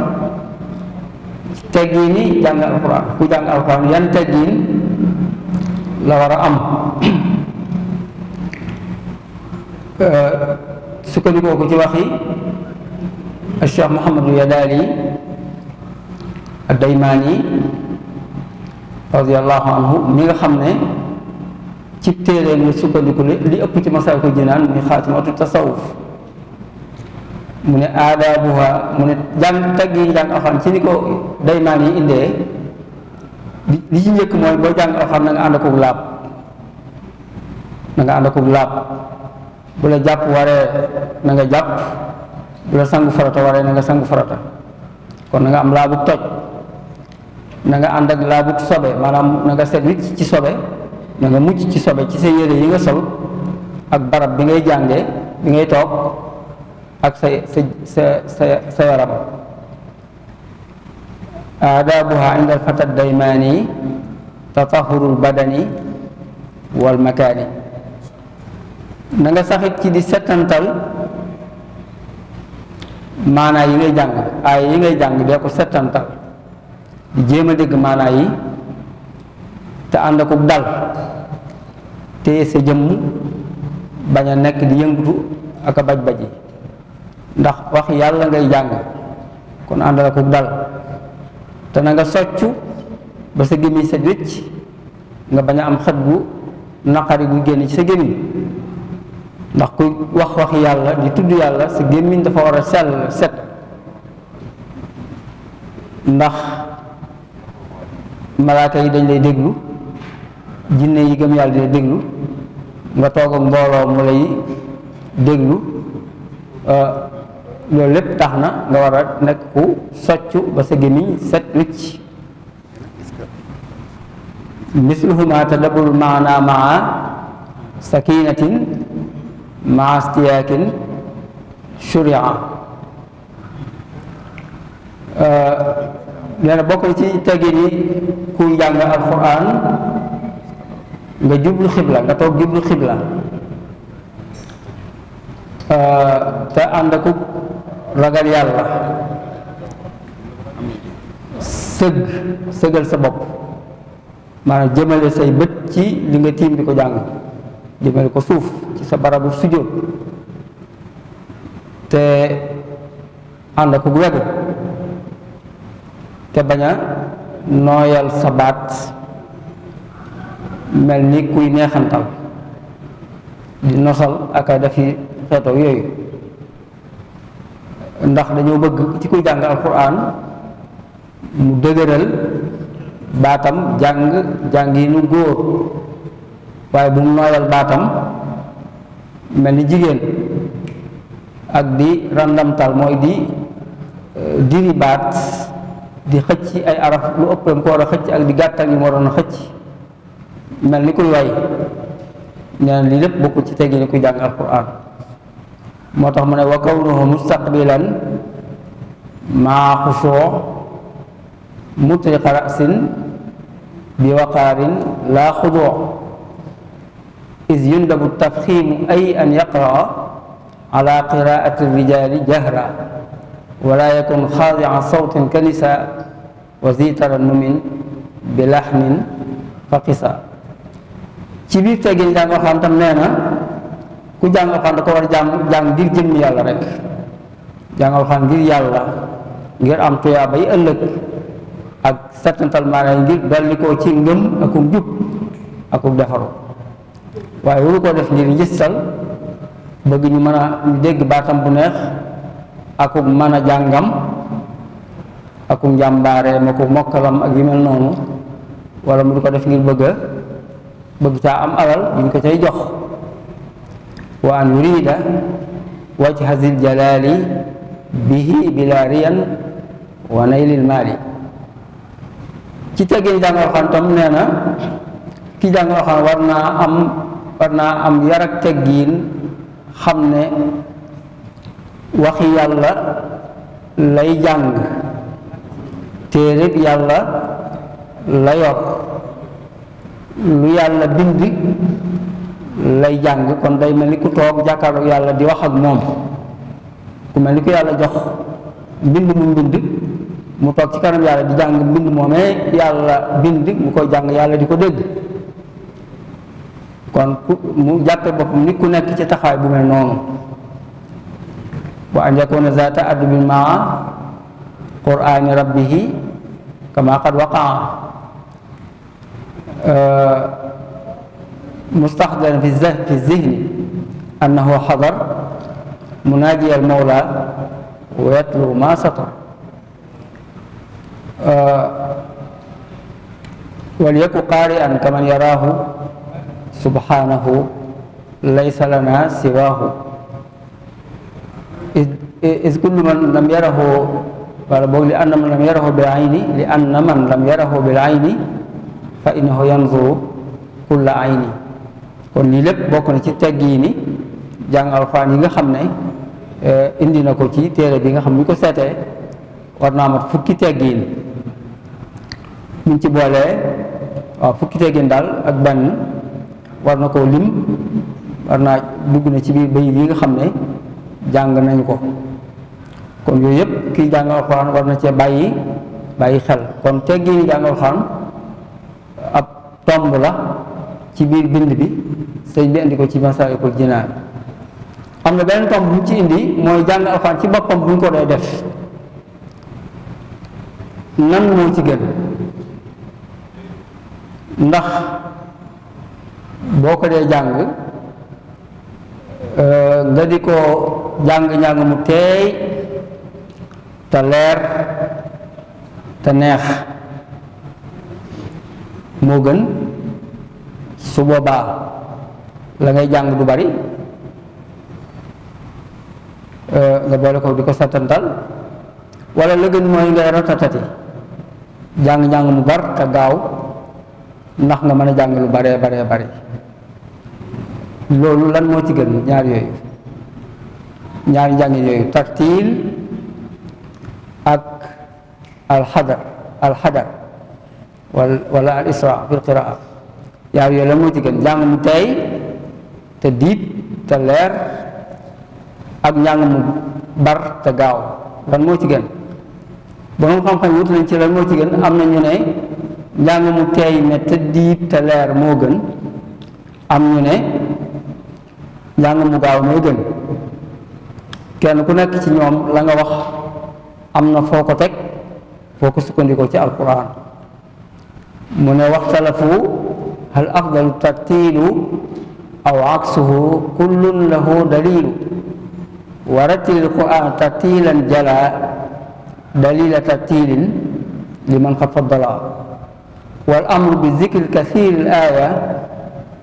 C: teggiini jàng alxuraan ku jàng alxuraan yan teggiin la war a am euh, sukkandikoo ko ci waxi Cheikh Mouhamadou Yadaali ad-Daymaani radiallahu anhu mi nga xam ne ci téere mi sukkandiku li li ëpp ci Masaalikul Jinaan muy xaatimatu tasawuf mu ne bu aadaabuha mu ne jàng tagg yi jàng alxuraan ci ni ko naan yi indee li ci njëkk mooy boo jàng alxuraan na nga ànd akub laab na nga ànd akub laab bu la jàpp waree na nga jàpp bu la sangu farata waree na nga sangu farata kon na nga am laabu toj na nga ànd ak laabug sobe maanaam na nga set wicc ci sobe na nga mucc ci sobe ci sa yére yi nga sol ak barab bi ngay jànge bi ngay toog ak sa sa sa sa sa yaram aadaabuha inda alfata daymaani tatahurul badani wal makaani na nga saxit ci di setantal maanaa yi ngay jàng aay yi ngay jàng dee ko settantal di jéem a dégg maanaa yi te ànd ak dal te sa jëmm bañ a nekk di yëngatu ak baj-baj yi ndax wax yàlla ngay jàng kon àndal ak dal te na nga soccu ba sa gémmiñ sa wécc nga bañ a am xet gu naqari gu génn ci sa gémmiñ ndax ku wax wax yàlla di tudd yàlla sa gémmiñ dafa war a sell set ndax malaaka yi dañ lay déglu jinne yi gëm yàlla dina déglu nga toog mbooloo mu lay déglu euh, loolu lépp tax na nga war a nekk ku soccu ba sa gémmiñ set wicc misluhuma tadabul maana maa sakinatin maa stiyaakin shuria euh, nee na bokk ci teggin yi kuy jàng alxuraan nga jublu xibla nga toog jublu xibla euh, te ànd akub ragal yàlla sëgg sëgal sa bopp maanaam jëmale say bët ci li nga tiim di ko jàng jëmale ko suuf ci sa barabu sujjóot te ànd akub wegu te bañ a nooyal sa baat mel ni kuy neexantal di nosal ak a defi xeetoo yooyu ndax dañoo bëgg ci kuy jàng alquran mu dëgëral baatam jàng jàng yi nu góor waaye bu mu nooyal baatam mel ni jigéen ak di randamtal mooy di eh, diri baat di xëcc ay araf lu ëpp ko war xëcc ak bi gàttal yi mu waroon a xëcc mel ni kuy way nee li lépp bokkul ci teggi ni kuy jàng alquran moo tax mu ne wa kawnuhu mustaqbilan maa xushoo mutriqa rasin bi waqaarin laa xudoo is yundabu tafxiimu ay an yaqraa ala qiraati rijaali jahra wala yakun xaadica sawtin ka nisa wa bi laxnin faqisa ci biir teggin jàng alxuraan tam nee na ku jàng alxuraan da ko war a jàng ngir jëmm yàlla rek jàng alxuraan ngir yàlla ngir am tuyaaba ëllëg ak settantal maanaam ngir dolli ci ngëm akum jub akum defaru waaye waru koo def ngir njëstal bëgg ñu mën a ñu dégg baatam bu neex akuk mën jàngam akuk njàmbaareem akuk mokkalam ak yu noonu wala mu di ko def ngir bëgg bëgg caa am alal duñ ko cay jox wa an yurida wajha zil jalaali bihi bila riyan wa naylil maali ci teggin jàng alxuraan tam nee na ki jàng alxuraan war naa am war teggiin xam ne waxi yàlla lay jàng téereb yàlla la yor lu yàlla bind lay jàng kon day mel ni ku toog jàkkaarloog yàlla di wax ak moom ku mel ni ku yàlla jox mbind mu mbind mu toog ci kanam yàlla di jàng mbind moomee yàlla bind mu koy jàng yàlla di ko dégg kon ku mu jàppe boppam ni ku nekk ci taxawaay bu mel noonu wa an yakuna zata addubin maa qurani rabbihi kama qad waqaa uh, mustaxdaran fi fi zihni annahu xadar munaaji al mawla wa yatlu ma satar uh, wal yaku qaari'an kaman yaraahu subhanahu laysa lana siwaahu is kullu man lam yarahu wala boog li anna man lam yarahu bil ayni li anna man lam yarahu bil ayni fa innahu yanzuru kon lii lépp bokk na ci tegg yi ni jàng yi nga xam ne eh, indi na ko ci téere bi nga xam ni ko seetee war naa mat fukki teggiin mu ci boolee waaw fukki teggiin daal ak benn war na koo lim war naa dugg na ci biir bay yi nga xam ne jàng nañ ko kon yooyu yëpp kii jàng alxuraan war na cee bàyyi bàyyi xel kon teggin jàng alxuraan ab tomb la ci biir bind bi sëñ bi indi ko ci Masaalikul Jinaan am na beneen tomb bu ci indi mooy jàng alxuraan ci boppam bu ñu ko dee def nan moo ci gën ndax boo ko dee jàng Euh, nga di ko jàng-njàng mu teey te leer te neex moo gën su boobaa la ngay jàng du bari euh, nga boole ko di ko settantal wala la gën mooy ngay rotatati jàng-njàng mu bar te gaaw ndax nga mën a jàng lu baree baree bari loolu lan moo ci gën ñaar yooyu ñaari njàngin yooyu tartiil ak alxadar alxadar wala wala al isra fil qiraa ñaar yooyu lan moo ci gën njàng mu tey te diit te leer ak njàng mu bar te gaaw lan moo ci gën borom xam-xam wut ci lan moo ci gën am na ñu ne njàng mu tey ne te diit te leer moo gën am ñu ne njàng mu gaaw mooy gën ku nekk ci ñoom langa wax am na foo ko teg foo ko sukkandikoo ci alquran mu ne waxtalafu hal afdalu tartiilu aw aksuhu kullun lahu dalilu wa rattilil quran tartiilan jala dalila tartiilin liman xad faddala wal amru bi zikri kathiri l aya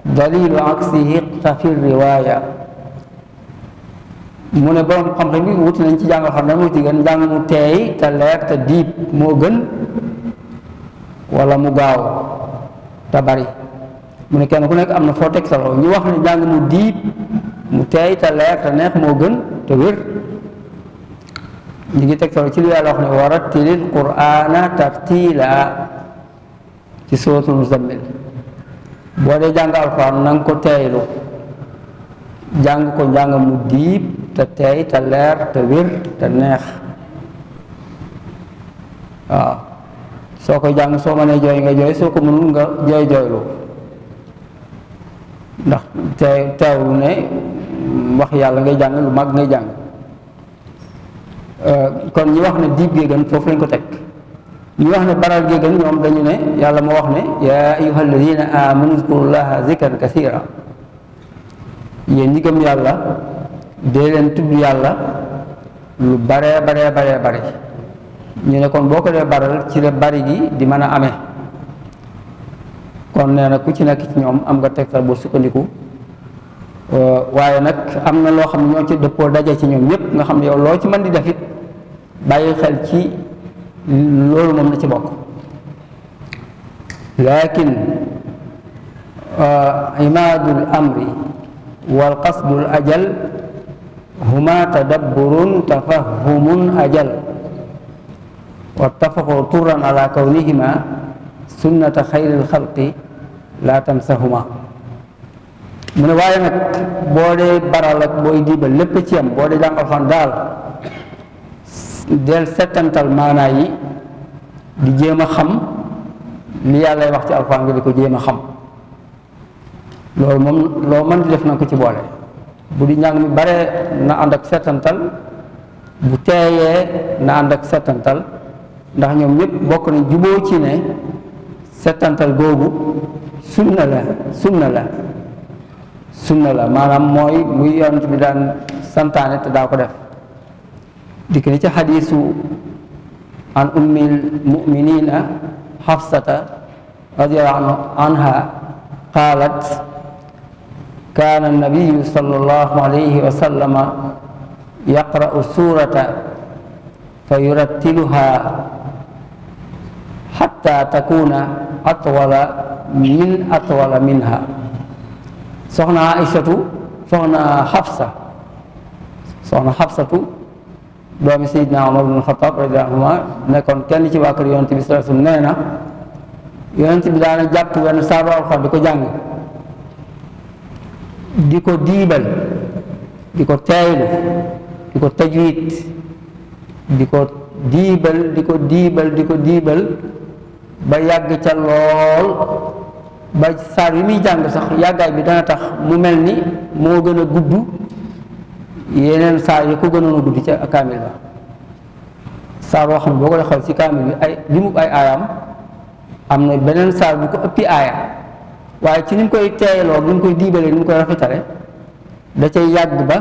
C: aksi aksihi fi riwaaya mu ne borom xam-xam bi wuti nañ ci jàng xam ne moo ci gën njàng mu teey te leer te moo gën wala mu gaaw te bari mu ne kenn ku nekk am na foo teg sa loxo ñu wax ne njàng mu diib mu teey te neex moo gën te wér ñu ngi teg sa ci li yàlla wax ne warattilil qur'ana tartiila ci suratul muzammil boo dee jàng alxuraan na nga ko teeylu jàng ko njàng mu diib te teey te leer te wér te neex waaw soo koy jàng soo mënee jooy nga jooy soo ko mënul nga jooy jooylu ndax teew teewlu ne wax yàlla ngay jàng lu mag ngay jàng euh, kon ñi wax ne diib gee foofu lañ ko teg ñu wax ne baral gi gën ñoom dañu ne yàlla moo wax ne yaa ayuha alladina amanu zkurullaha zikran kasira yéen ñi gëm yàlla dee leen tudd yàlla lu bare baree baree bari ñu ne kon boo ko dee baral ci la bari gi di mën a ame kon nee na ku ci nekk ci ñoom am nga teg tegtal bu sukkandiku waaye nag am na loo xam ne ñoo ci dëppoo daje ci ñoom ñëpp nga xam ne yow loo ci mën di defit it xel ci loolu moom na ci bokk laakin imaadul amri wal qasdul ajal huma tadabburun tafahumun ajal wattafaqu turan ala kawnihima sunnata xayril xalqi laa tamsahuma mu ne waaye nag boo dee baral ak booy diibal lépp ci yam boo dee jàng alxuraan daal del setantal maanaa yi di jéem a xam li yàllay wax ci alxuraan nga di ko jéem a xam loolu man loo mën di def na ko ci boole bu di njàng mi bare na ànd ak settantal bu teeyee na ànd ak settantal ndax ñoom ñëpp bokk nañ juboo ci ne settantal googu sunna la sunna la sunna la maanaam mooy muy yonent bi daan santaane te daa ko def dikk ni ci xadiisu an ummil muminina xafsata radiallahu anha qaalat kaan annabiyu sallallahu alayhi wa sallama yaqra'u suurata fa yurattiluha xatta takuna atwala min atwala minha soxna aïchatu soxna xafsa soxna xafsatu doomi Seydina Omar bin Xataab radiyallaahu anhu nekkoon kenn ci waa kër bi sallallaahu alayhi wa nee na yonent bi daana jàpp wenn saaru alxuraan di ko jàng di ko diibal di ko teeylu di ko tajwid di ko diibal di ko diibal di ko diibal ba yàgg ca lool ba saar yi muy jàng sax yàggaay bi dana tax mu mel ni moo gën a gudd yeneen saar yi ko gënoon a guddi ca kaamil ba saar boo xam ne boo koy xool ci kaamil bi ay li mu ay aayam am na beneen saar bu ko ëppi aaya waaye ci ni mu koy teeyaloo ni mu koy diibalee ni mu koy rafetale da cay yàgg ba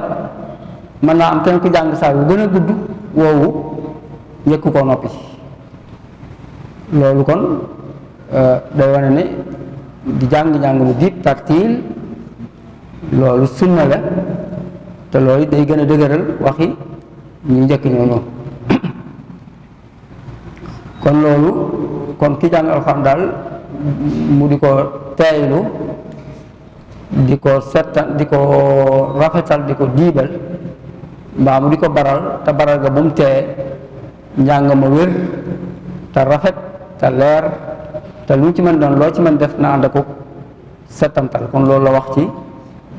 C: mën naa am kenn ku jàng saar bu gën a gudd woowu njëkk ko noppi loolu kon euh, day wane ne di jàng jàng mu diib tartiil loolu sunna la te loolu day gën a dëgëral waxi ñu njëkk ñooñu kon loolu kon ki jàng alxuraan daal mu di ko teeylu di ko settal di ko rafetal di ko diibal mbaa mu di ko baral te baral ga bu mu tee njàng ma wér te rafet te leer te lu ci mën doon loo ci mën def na ànd ak settantal kon loolu la wax ci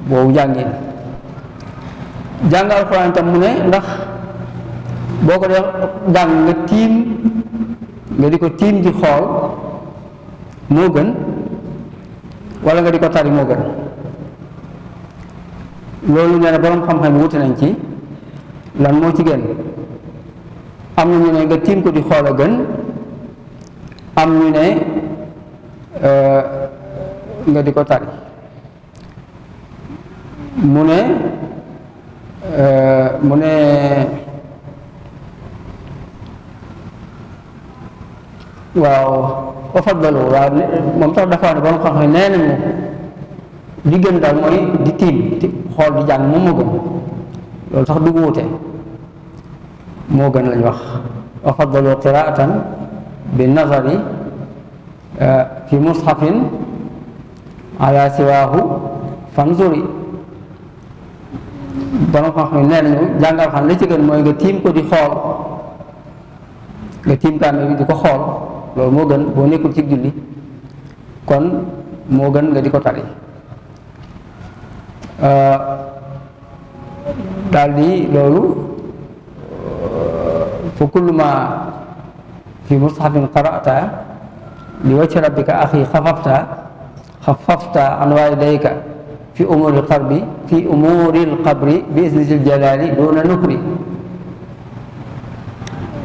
C: boobu njàngin jàng alxuraan tam mu ne ndax boo ko dee jàng nga tiim nga di ko tiim di xool moo gën walla nga di ko tari moo gën loolu nee na boroom xam-xam wuute nañ ci lan moo ci gën am na ñu ne nga tiim ko di xool a gën am ñu ne euh, nga di ko tari mu ne Euh, mu ne waaw wa faddalu waaw moom sax dafa ne borom xam-xam nee nañu li gën daal mooy di tiim xool di jàng moom moo gën loolu sax du wuute moo gën lañ wax wa faddalu qiraatan bi nazari euh, fi mushafin ala siwaahu fanzuri borom xam-xam nee nañu jàngal xam li ci gën mooy nga tiim ko di xool nga tiim kaamil bi di ko xool loolu moo gën boo nekkul ci julli kon moo gën nga di ko tari euh, daal di loolu euh, fa kullu ma fi mushafin qara'ta li wajhi rabbika axi xafafta xafafta an waay dayka fi umuril qabri fi umuril qabri bi isni zil jalaali doona nukri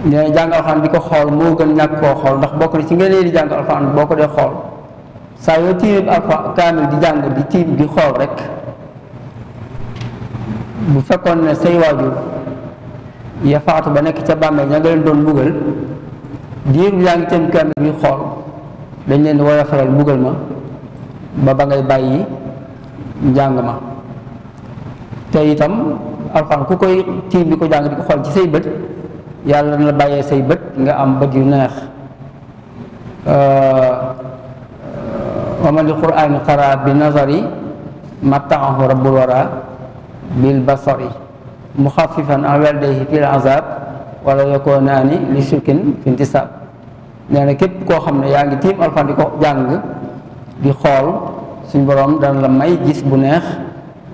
C: nee jàng alxuraan di ko xool moo gën ñàkk koo xool ndax bokk na ci nga leen di jàng alxuraan boo ko dee xool saa yoo tiimib alxuraan kaamil di jàng di tiim di xool rek bu fekkoon ne say waajur ya faatu ba nekk ca bàmmeel ña nga leen doon mbugal diir bi yaa ngi teem kaamil bi xool dañ leen war a faral mbugal ma ba ba ngay bàyyi njàng ma te itam alxuraan ku koy tiim di ko jàng di ko xool ci say bët yàlla na bàyyee say bët nga am bët yu neex wa man li qur'aani qara bi nazari mattaahu rabbul wara bil basari muxafifan an weldayhi fil azab wala yakonaani li shirkin fi intisab nee na képp koo xam ne yaa ngi tiim alxuraan di ko jàng di xool suñ borom dana la may gis bu neex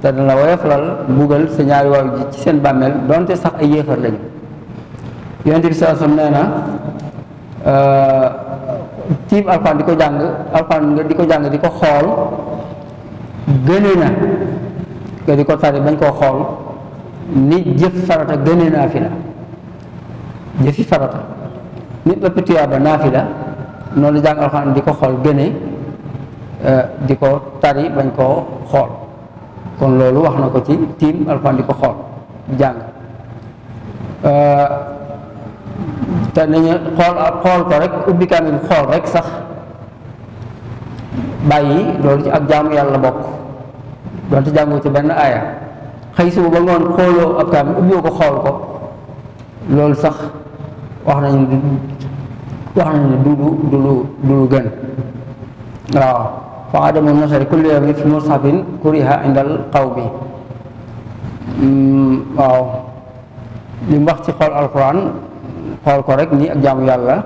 C: te dana la woyofalal mbugal sa ñaari waaw ji ci seen bàmmeel donte sax ay yéefar lañu yonent bi saa sam nee na euh, tiim alxuraan di ko jàng alxuraan nga di ko jàng di ko xool gëne na nga di ko tari bañ koo xool nit jëf farata gëne naafila jëfi farata nit ëpp tuyaaba naafila noonu jàng alxuraan di ko xool gëne Eh, di ko tari bañ koo xool kon loolu wax na ko ci tiim alxuraan di ko xool jàng eh, te nañu xool xool ko rek ubbi kaamil xool rek sax bàyyi loolu ci ak jaamu yàlla bokk doonte jàngoo ci benn aaya xëy suba ba ngoon xooloo ab kaamil ubbiwoo ko xool ko loolu sax wax nañu wax nañu du lu du lu gën waaw wa adamu nasari kulli yawmin fi mushafin kuriha indal qawmi waaw li mu wax ci xool alquran xool ko rek nii ak jaamu yàlla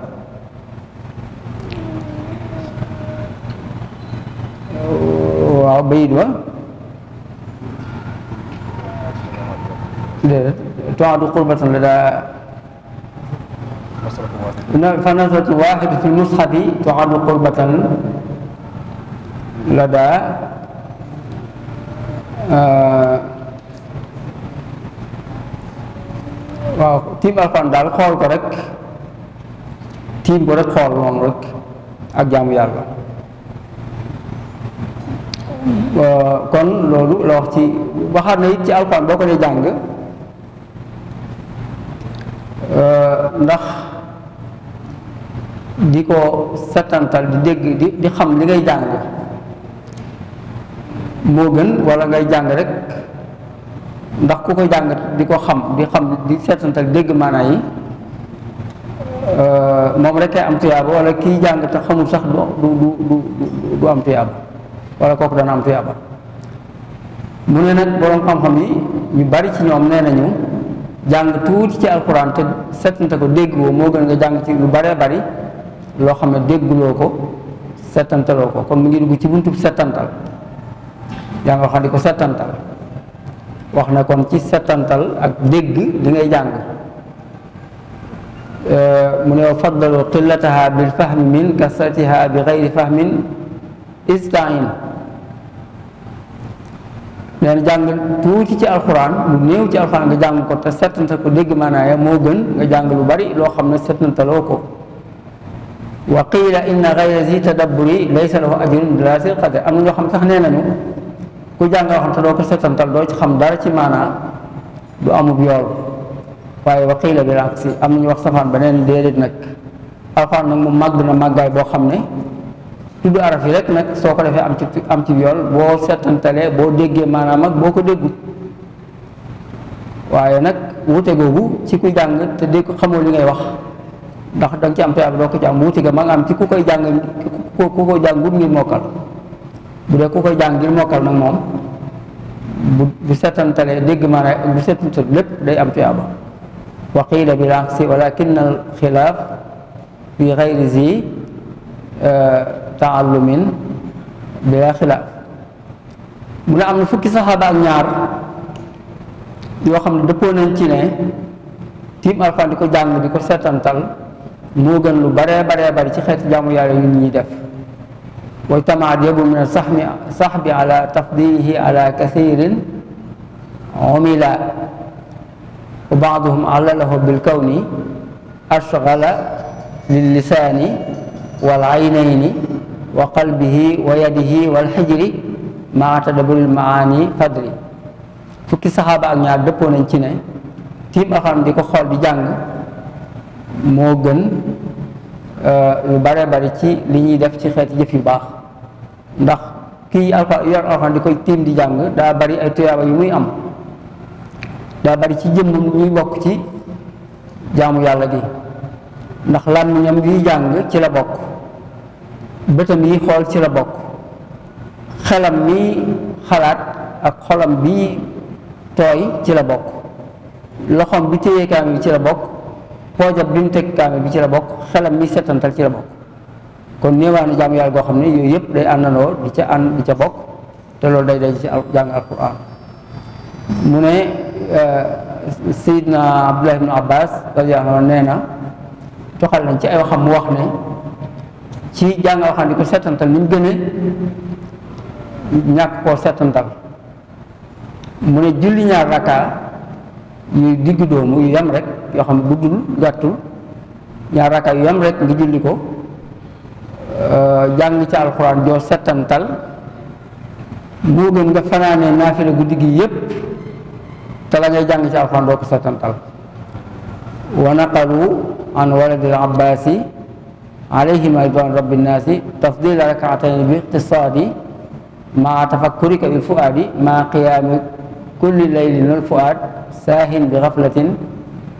C: waaw bayit wa déedéet tuadu qurbatan la daa fa nasratu waaxid fi nusxati tuadu qurbatan لدى euh, waaw tiim alxuraan daal xool ko rek tiim ko rek xool noonu rek ak jaamu yàlla euh, kon loolu la wax ci waxaat na it ci alxuraan boo ko dee jàng euh, ndax di ko setantal di dégg di di xam li ngay jàng moo gën wala ngay jàng rek ndax ku ko jàng di ko xam di xam di seetantal dégg maanaa yi euh, moom rek am tuyaaba wala kiy jàng xamul sax du du du du am tuyaaba kooku dana am tuyaaba mu ne nag boroom xam-xam yi ñu bari ci ñoom nee nañu jàng tuuti ci alxuraan te seetante ko dégg woo moo gën nga jàng ci lu baree bari loo xam ne dégguloo ko seetantaloo ko kon mu ngi dugg ci buntu setantal jàng xam di ko satantal wax na kon ci settantal ak dégg li ngay jàng mu ne wa faddalu qillataha bil fahmi min kasratiha bi gayri fahmin istain leen jàng tuuti ci alxuraan lu néew ci alxuraan nga jàng ko te settanta ko dégg maanaa ya moo gën nga jàng lu bari loo xam ne settantaloo ko wa qiila in gayra zi tadabburi laysa lahu ajrun bila sirqate am na ñoo xam sax nee nañu ku jàng xam te doo ko setantal doo xam dara ci maanaa du amub yool waaye waqiila bil aksi am ñu wax safaan beneen déedéet nag alxuraan nag mag màgg na màggaay boo xam ne tudd rek soo ko defee am ci am ci yool boo setantalee boo déggee maanaam ak boo ko déggut waaye nag wuute googu ci ku jàng te dégg xamoo li ngay wax ndax danga ci am tuyaaba doo ko ci am wuute ga ma am ci ku koy jàng ku jàng jàngut ngir mokkal bu dee ko koy jàng ngir mokkal nag moom bu bu setantalee dégg ma rek bu setantal lépp day am tuyaaba wa qiila bil aksi walakin al xilaaf fi xayri zi e, taallumin bila xilaaf mu ne am na fukki saxaaba ak ñaar yoo xam ne dëppoo nañ ci ne tiim alxuraan di ko jàng di ko setantal moo gën lu baree baree bari ci xeeti jaamu yàlla yu ñuy def wajtama jabu min sahmi sahbi ala tafdilihi ala kathirin umila wa baaduhum allalahu bilkawni ashgala lillisaani walaynayni wa qalbihi wa yadihi walxijri maa tadaburil maani fadri fukki saxaaba ak ñaar dëppoo nañ ci ne tiim axaram di ko xool di jàng moo gën Euh, lu bare bari ci li ñuy def ci xeeti jëf yu baax ndax kii alxuraan yor alxuraan di koy tiim di jàng daa bari ay tuyaaba yu muy am daa bari ci jëmmam muy bokk ci jaamu yàlla gi ndax làmmiñam yuy jàng ci la bokk bëtam yi xool ci la bokk xelam mi xalaat ak xolam bi tooy ci la bokk loxoom bi téye kaamil ci la bokk poojab bi mu teg kaame bi ci la bokk xelam mi setantal ci la bokk kon néewaanu jaamu yàlla goo xam ne yooyu yëpp day lool di ca ànd di ca bokk te loolu day day ci jàng alquran mu ne euh, sayidna abdullah ibnu abbas radiyallahu anhu nee na toxal nañ ci ay waxam mu wax ne ci jàng waxam di ko setantal ni mu gën a ñàkk koo setantal mu ne julli ñaar rakkaa yu diggu doomu yu yam rek yoo xam ne guddul gàttul ñaar rakka yu yam rek nga julli ko euh, jàng ci alxuraan joo settantal moo gën nga fanaanee naafila guddi gi yépp te la ngay jàng ci alxuraan doo ko settantal wa naqalu an waladil abbaasi alayhim ridwaan rabbi nnaasi tafdil rakaatayn bi iqtisaadi maa tafakkurika bi fuaadi maa qiyaami kulli laylin al fuaad saahin bi xaflatin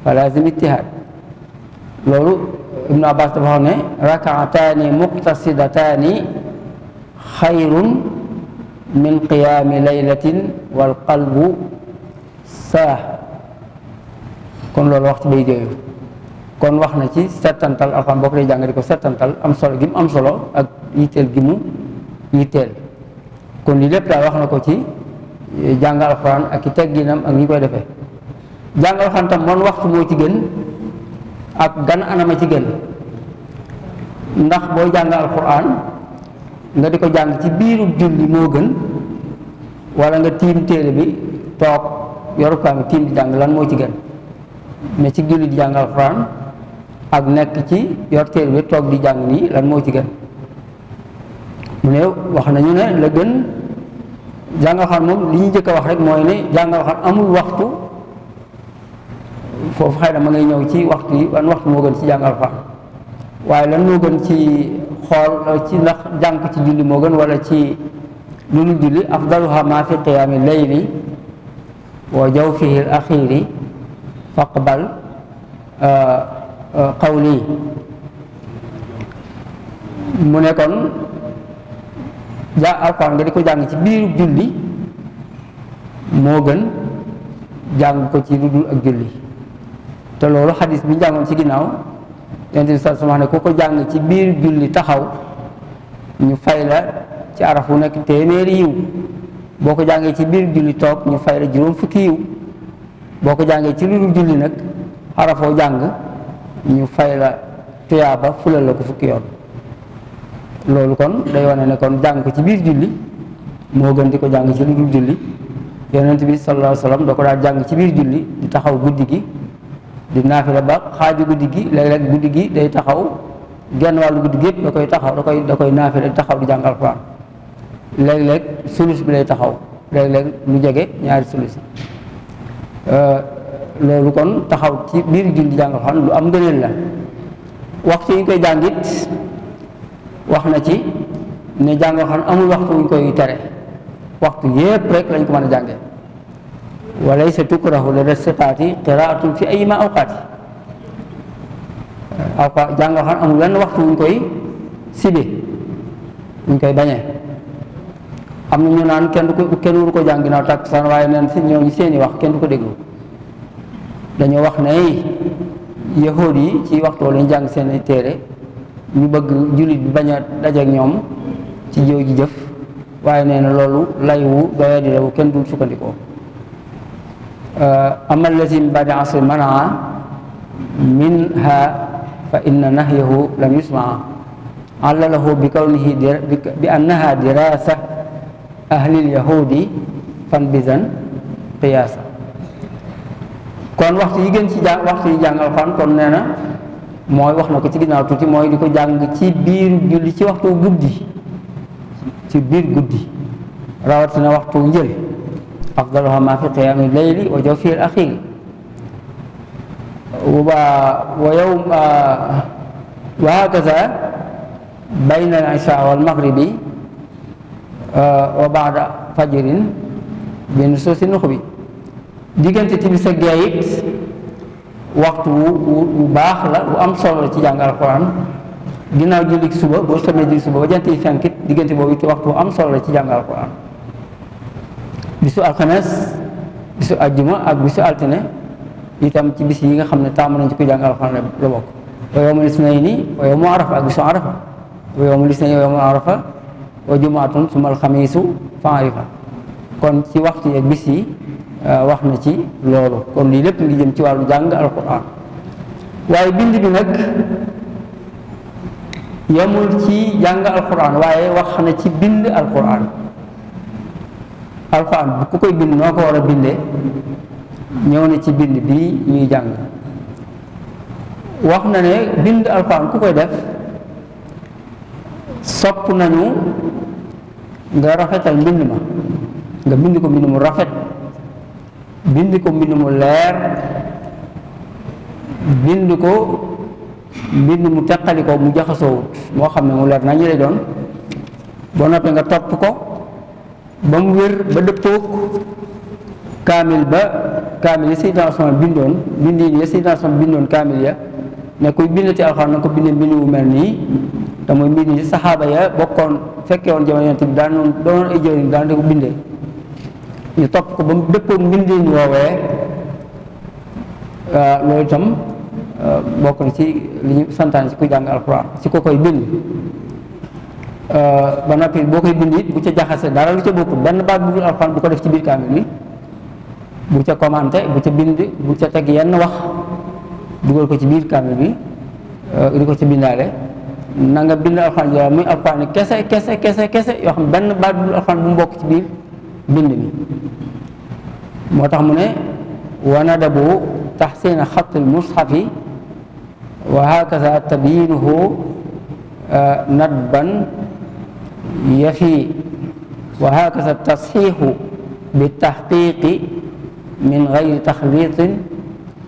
C: fa lazim ijtihaad loolu ibnu abbas dafa xam ne rakaataani muqtasidataani xayrun min qiyaami laylatin wal qalbu saa kon loolu waxtu bay jooyu kon wax na ci settantal alxam boo ko dee di ko settantal am solo gi am solo ak yitteel gi yitteel kon lii lépp daal wax na ko ci jàng alxuraan ak i tegginam ak ñi koy defee jàngal xam tam man waxtu moo ci gën ak gan anama ci gën ndax booy jàng alquran nga di ko jàng ci biiru julli moo gën wala nga tiim téere bi toog yoru kaa ngi tiim di jàng lan moo ci gën ne ci julli di jàng ak nekk ci yor téere bi jàng nii lan moo ci gën mu ne wax nañu ne la gën jàngal xam moom li ñu njëkk a wax rek mooy ne jàngal xam amul waxtu foofu xëy na ma ngay ñëw ci waxtu yi moo gën ci jàngal fa waaye lan moo gën ci xool ci ndax jàng ci julli moo gën wala ci lu dul julli afdaluha ma fi qiyaami layli wa jawfihi al axiri faqbal euh, euh, qawli mu nekkoon kon ja nga di ko jàng ci biiru julli moo gën jàng ko ci lu dul ak julli te loolu xadis bi njàngoon ci ginnaaw yonent bi ne ku ko jàng ci biir julli taxaw ñu fay la ci araf wu nekk téeméeri ko jàngee ci biir julli toog ñu fay la fukki boo ko jàngee ci lu dul julli nag arafoo jàng ñu fay la tuyaaba fulal la ko fukki yoon loolu kon day wane ne kon jàng ci biir julli moo gën di ko jàng ci lu dul julli yonent bi sallallahu alayhi wa da ko daa jàng ci biir julli di taxaw guddi gi di naafila ba xaaju guddi gi léeg-léeg guddi gi day taxaw genn wàllu guddi gi yëpp da koy taxaw da koy da koy naafila di taxaw di jàngal alxuraan léeg-léeg sulus bi lay taxaw léeg-léeg lu jege ñaari sulus euh, loolu kon taxaw ci biir julli di jàng alxuraan lu am ngëneel la waxtu yi ñu koy jàngit wax na ci ne jàng alxuraan amul waxtu wu ñu koy tere waxtu yépp rek lañ ko mën a jàngee walaysa tukrahu lada siqaati qiraatun fi ayima awqaati awqaat jàng xam amul wenn waxtu wuñ koy sibe wuñ koy bañee am na ñu naan kenn du ko kenn waru ko jàng ginnaaw takkusaan waaye neen ñooñu seeni wax kenn du ko déglu dañoo wax ne yahood yi ci waxtu lañu jàng seeni téere ñu bëgg jullit bi bañ a dajeek ñoom ci jëw ji jëf waaye nee na loolu lay wu doyadi la kenn dul sukkandikoo ama allazim badiasa manaa minha fa inna nahyahu lam yusmaa allalahu bi kawnihi bi annaha dirasa ahlil yahudi fan bisan qiyaasa kon waxtu yi gën ci jàng waxtu yi jàng alxuraan mooy wax na ko ci ginnaaw tuuti mooy di ko jàng ci biir julli ci waxtu guddi ci biir guddi rawatina waxtu njël afdaluha ma fi qiyaami leyli wa jawfi al axiiri ويوم وهكذا بين العشاء والمغرب وبعد فجر بنصوص النخبي diggante timis ak gee it waxtu wu wu baax la wu am solo la ci jàng alxuraan ginnaaw jullit suba boo soobee jullit suba ba jant yi fenk it diggante boobu it waxtu wu am solo la ci jàng alxuraan bisu alxames bisu àjjuma ak bisu altine itam ci bis yi nga xam ne taamu nañ ci ku jàng alxuraan la bokk wa yawmul isnayni wa yawmu arafa ak bisu arafa wa yawmul isnayni wa yawmu arafa wa jumaatun suma alxamiisu fa arifa kon ci waxtu yi ak bis yi euh, wax na ci loolu kon lii lépp ngi jëm ci wàllu jàng alxuraan waaye bind bi nag yamul ci jàng alxuraan waaye wax na ci bind alxuraan alxuraan ku koy bind noo ko war a bindee ñëw ne ci bind bii ñuy jàng wax na ne bind alxuraan ku koy def sopp nañu nga rafetal mbind ma nga bind ko mbind mu rafet bind ko mbind mu leer bind ko mbind mu teqali ko mu jaxasoowut moo xam ne mu leer nañu lay doon ba noppi nga topp ko ba mu wér ba dëppoog kaamil ba kaamil ya Seydina Usmaan bindoon bindiin ya Seydina Usmaan bindoon kaamil ya ne kuy bindati alxuraan na ko bindee mbind wu mel nii te mooy mbind saxaaba ya bokkoon fekke woon jamono yonent bi daan noonu doonoon ay jëriñ daan ko bindee ñu topp ko ba mu dëppoog mbindiin woowee ah, loolu itam ah, bokk ci li ñu santaan si ku jàng alxuraan si ko koy bind Euh, ba noppi boo koy bind it bu ca jaxasee dara lu ca bokk benn baat bu dul alxuraan bu ko def ci biir kaamil bi bu ca commenté bu ca bind bu ca teg yenn wax dugal ko ci biir kaamil bi euh, di ko ci bindaale na nga bind alxuraan ji muy alxuraan kese kese kese kese yoo xam benn baat bu dul alxuraan bu mu bokk ci biir bind mi moo tax mu ne wanadabu taxsina xatil mushafi wa hakaza tabyinuhu euh, nadban يفي وهكذا التصحيح بالتحقيق من غير تخبيط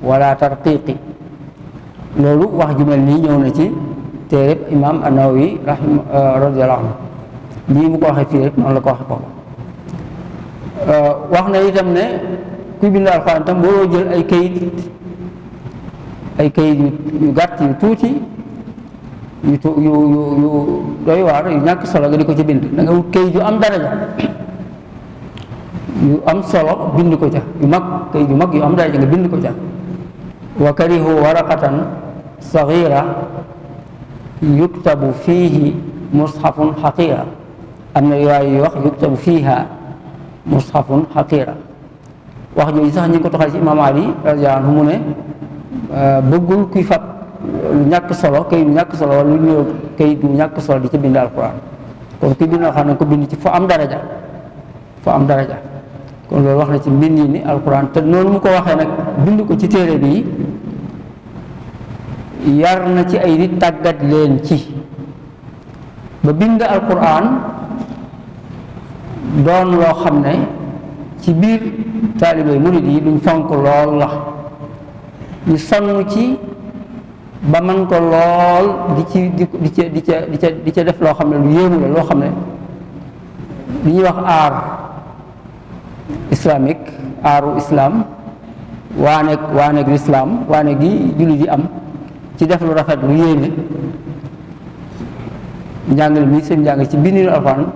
C: ولا ترقيق loolu wax ju mel nii ñëw na ci téereb imaam an-Nawawi rahima radiyallahu anhu nii mu ko waxee fii rek noonu la ko waxee ko wax na itam ne kuy bind alxuraan tam waroo jël ay kayit ay kayit yu gàtt yu tuuti yu tu yu yu yu doy waar yu solo nga di ko ci bind da nga yu am daraja yu am solo bind ko ca yu mag yu mag yu am daraja nga bind ko ca wa karihu waraqatan saxira yuktabu fiihi mushafun xaqira am na riwaaya yu wax yuktabu fiiha sax ñu ngi ko toxal Ali radiyallaahu anhu mu ne euh, bëggul ñàkk solo kayit bu ñàkk solo wala lu ñëw kayit bu ñàkk solo di ci bind alquran kon ki bind alquran nanga ko bind ci foo am daraja foo am daraja kon loolu wax na ci mbind ni alquran te noonu mu ko waxee nag bind ko ci téere bi yar na ci ay nit tàggat leen ci ba bind alquran doon loo xam ne ci biir taalibe murid yi luñ fonk lool la ñu sonn ci ba man ko lool di ci di di ca di ca di ca di ca def loo xam ne lu yéemu la loo xam ne li ñuy wax aar islamique aaru islam waaneeg waaneeg lislaam waane gi jullit yi am ci def lu rafet lu yéeme njàngal mi seen njàng ci bindinu alxuraan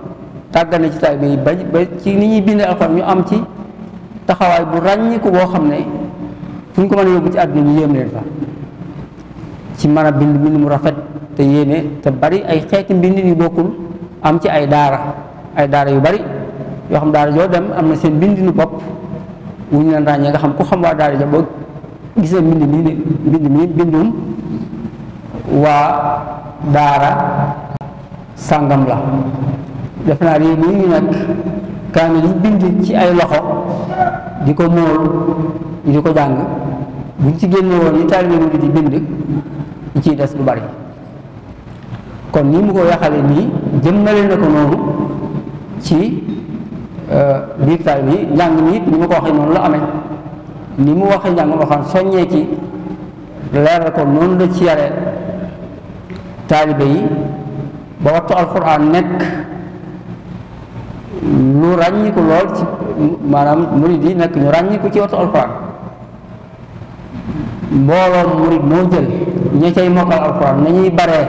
C: tàggal na ci taalibe ba ci ni ñuy bindee alxuraan ñu am ci taxawaay bu ràññiku boo xam ne fu ñu ko mën a yóbbu ci àdduna ñu yéem leen fa ci mën a mi mbind mu rafet te yéene te bari ay xeeti mbind yu bokkul am ci ay daara ay daara yu bari yoo xam daara joo dem am na seen mbindinu bopp wu ñu leen ràññee nga xam ku xam waa daara ja boo gisee mbind mii mbind mii mbindum waa daara sàngam la def naa lii nii ñu nekk kaamil yi bind ci ay loxo di ko móol ñu di ko jàng buñ ci génne woon yi taalibe bi di bind yi ciy des lu bari kon ni mu ko yaxale nii jëmmale na ko noonu ci euh, biir taal bi njàng mi it ni ma ko waxee noonu la amee ni mu waxee njàng moo xam soññee ci leeral ko noonu la ci yare taalibe yi ba waxtu alxuraan nekk lu ràññiku lool ci maanaam murid yi nekk ñu ràññiku ci waxtu alxuraan mbooloom murid moo jël ña cay mokkal alxuraan nañuy bare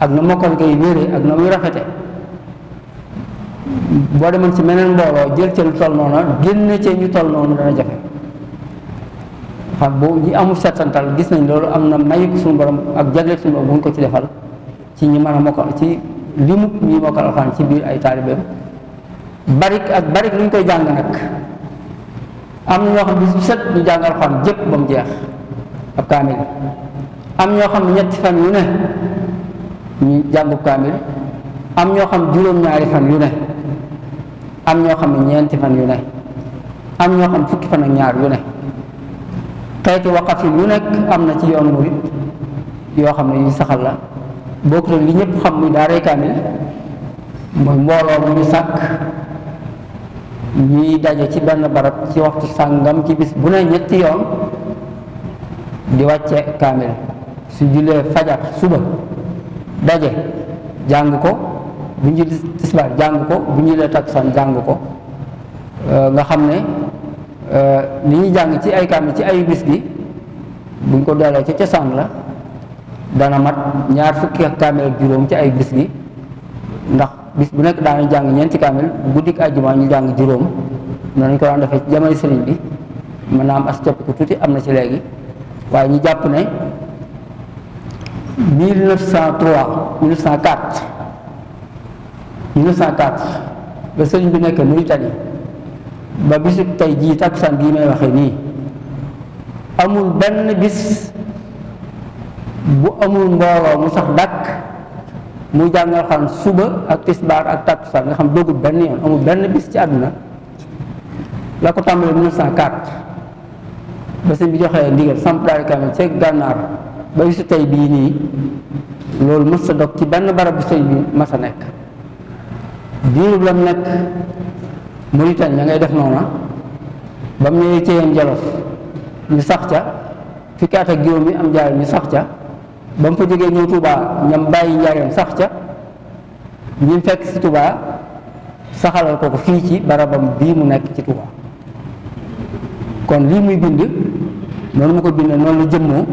C: ak na mokkal ngay wéree ak na muy rafete boo demoon ci meneen mbooloo jël ca lu toll noonu génn ca ñu toll noonu dana jafe xam boo ñi amul settantal gis nañ loolu am na mayu suñu borom ak jagleel suñu borom bu ñu ko ci defal ci ñi mën a mokkal ci limu ñi mokkal alxuraan ci biir ay taalibeem barik ak barik lu ñu koy jàng nag am na ñoo xam bis bu set ñu jàng alxuraan jëpp ba mu jeex ab kaamil am ñoo xam ne ñetti fan yu ne ñu jàngub kaamil am ñoo xam juróom-ñaari fan yu ne am ñoo xam ne ñeenti fan yu ne am ñoo xam fukki fan ak ñaar yu ne xeeti waqaf yi lu nekk am na ci yoonu murit yoo xam ne yu saxal la bokku li ñëpp xam muy daaray kaamil mooy mbooloo mu ñu sàkk ñuy daje ci benn barab ci waxtu sàngam ci bis bu ne ñetti yoon di wàcce kaamil su jullee fajar suba daje jàng ko bu ñu tisbaar jàng ko bu ñu jàng ko euh, nga xam ne euh, li ñuy jàng ci ay kaamil ci ay bis gi buñ ko doolee ca cosaan la dana mat ñaar fukki kaamil juróom ci ay bis gi ndax bis bu nekk daana jàng ñeenti kaamil guddik àjjuma ñu jàng juróom noonu ñu ko daan defee ci jamono sëriñ bi mën naa am as coppiku tuuti am na ci léegi waaye ñu jàpp ne 1903 1904 1904 ba sëriñ bi nekk Mauritanie ba bisu tey jii takkusaan gii may waxee nii amul benn bis bu amul mbooloo mu sax dàq mu jàngal xam suba ak tisbaar ak takkusaan nga xam doogul benn yoon amul benn bis ci àdduna la ko tàmbalee 1904. ba bi joxee ndigal samp daal kaamil gànnaar ba bisu tey bii nii loolu mës sa dog ci benn barab bu sëñ bi mas a nekk diirub lam nekk Mauritanie la ngay def noona ba mu ñëwee ceyeen ñu sax ca fukki at ak am jaar ñu sax ca ba mu fa jógee ñëw Touba ñam bàyyi njaareem sax ca ñu fekk si tubaa saxalal ko ko fii ci barabam bii mu nekk ci Touba kon lii muy bind noonu mu ko bind noonu la jëmmoo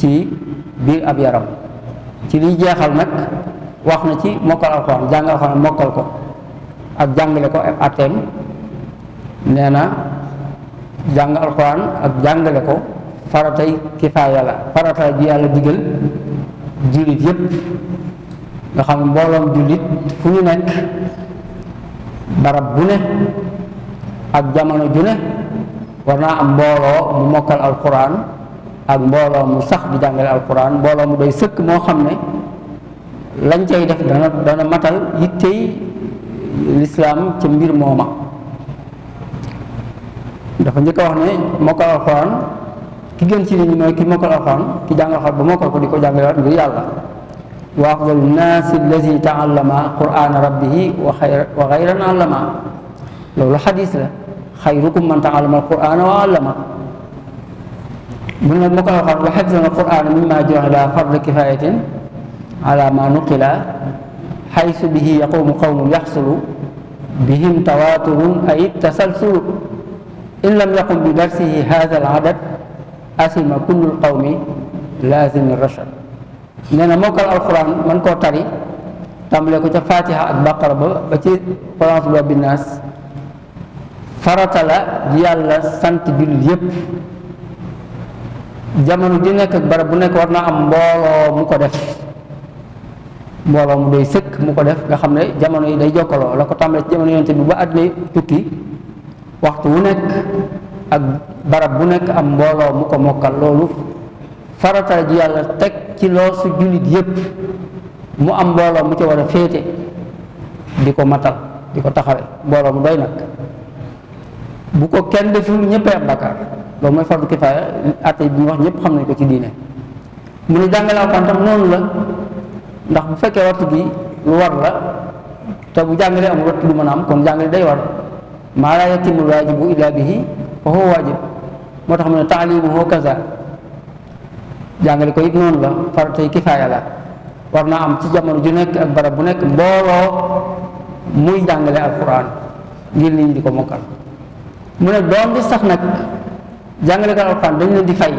C: ci biir ab yaram ci liy jeexal nag wax na ci mokkal alxuraan jàng alxuraan mokkal ko ak jàngale ko ak atteem nee na jàng alxuraan ak jàngale ko faratay kifaaya la farata ji yàlla digal jullit yépp nga xam ne mbooloom jullit fu ñu nekk barab bu ne ak jamono ju ne war naa am mbooloo mu mokkal alquran ak mbooloo mu sax di jàngale alquran mbooloo mu doy sëkk moo xam ne lañ cay def dana dana matal yittey lislaam ca mbir mooma dafa njëkk a wax ne mokkal alquran ki gën ci nit ñi mooy ki mokkal alquran ki jàngal xal ba mokkal ko di ko jàngalewaat ngir yàlla wa afdalu nnaasi allazi taallama qurana wa xayran allama loolu xadis la xayrukum man ta'allama al-qur'ana wa 'allama mun nag ma koy waxoon wa hifzan al-qur'ana mimma ju'ila fardu kifayatin ala ma nuqila xaysu bihi yaqumu qawmun yaxsulu bihim tawaturun ay tasalsulu in lam yaqum bi darsihi hadha al-adad asima kullu qawmi lazim rashad nee na mokkal alquran man koo tari tàmbalee ko ca fatiha ak baqara ba ba ci qul a'uuzu bi rabbi naas farata la yàlla sant jullit yépp jamono ji nekk ak barab bu nekk war naa am mbooloo mu ko def mbooloo mu doy sëkk mu ko def nga xam ne jamono yi day jokkaloo la ko tàmbalee ci jamono yonte bi ba àddina tukki waxtu wu nekk ak barab bu nekk am mbooloo mu ko mokkal loolu farata ji yàlla teg ci loo su jullit yépp mu am mbooloo mu ci war a féete di ko matal di ko taxawe mbooloo mu doy nag bu ko kenn deful ñëpp am bakkaar loolu mooy fardu kifaaya atte bi ñu wax ñëpp xam nañ ko ci diine mu ne jàngale alxuraan tam noonu la ndax bu fekkee wattu gi lu war la te bu jàngalee amul wattu du mën a am kon jàngale day war maa laa yatimul waajibu illaa bihi wa waajib moo tax mu ne taalimuhu kaza jàngale ko it noonu la faratay kifaaya la war naa am ci jamono ju nekk ak barab bu nekk mbooloo muy jàngale alxuraan ngir nit ñi di ko mokkal mu ne doom bi sax nag jàngalekat alxuraan dañ leen di fay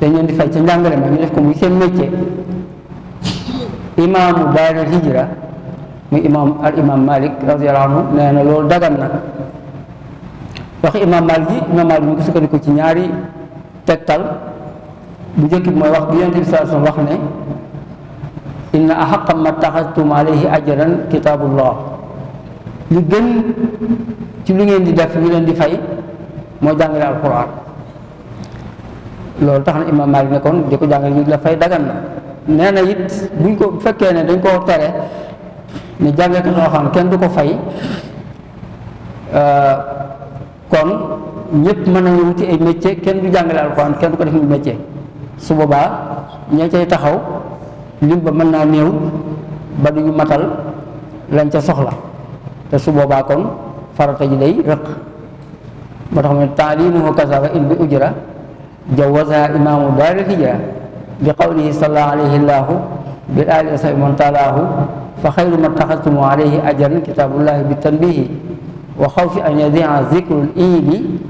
C: dañ leen di fay ca njàngale ma ñu def ko muy seen métier imaamu daaril hijra muy imaam al imaam malik radiyallahu anhu nee na loolu dagan na wax imaam malik yi imaam malik ñu ko sukkandiku ci ñaari tegtal bu njëkk bi mooy wax bi yonent bi sallallahu wax ne inna ahaqqa ma taxadtum alayhi ajran kitabullah li gën ci li ngeen di def ñu leen di fay moo jàngale alquran loolu tax na imam Malik ne kon di ko jàngale ñu la fay dagan na nee na it buñ ko fekkee ne dañ koo tere ne jàngale ko noo xam kenn du ko fay euh, kon ñëpp mën nañu wuti ay métier kenn du jàngale alquran kenn du ko def muy métier su boobaa ña cay taxaw lim ba mën naa néew ba duñu matal lañ ca soxla te su boobaa kon farata ji day rëq moo tax mu ne taalimuhu kasaba in bi ujra jawazaha imaamu daaril hijra bi qawlihi salla alayhi llaahu bil aali wa sabi man taalaahu fa xayru ma taxastumu alayhi ajran kitaabullahi bi tanbihi wa xawfi an yadia zikrul iili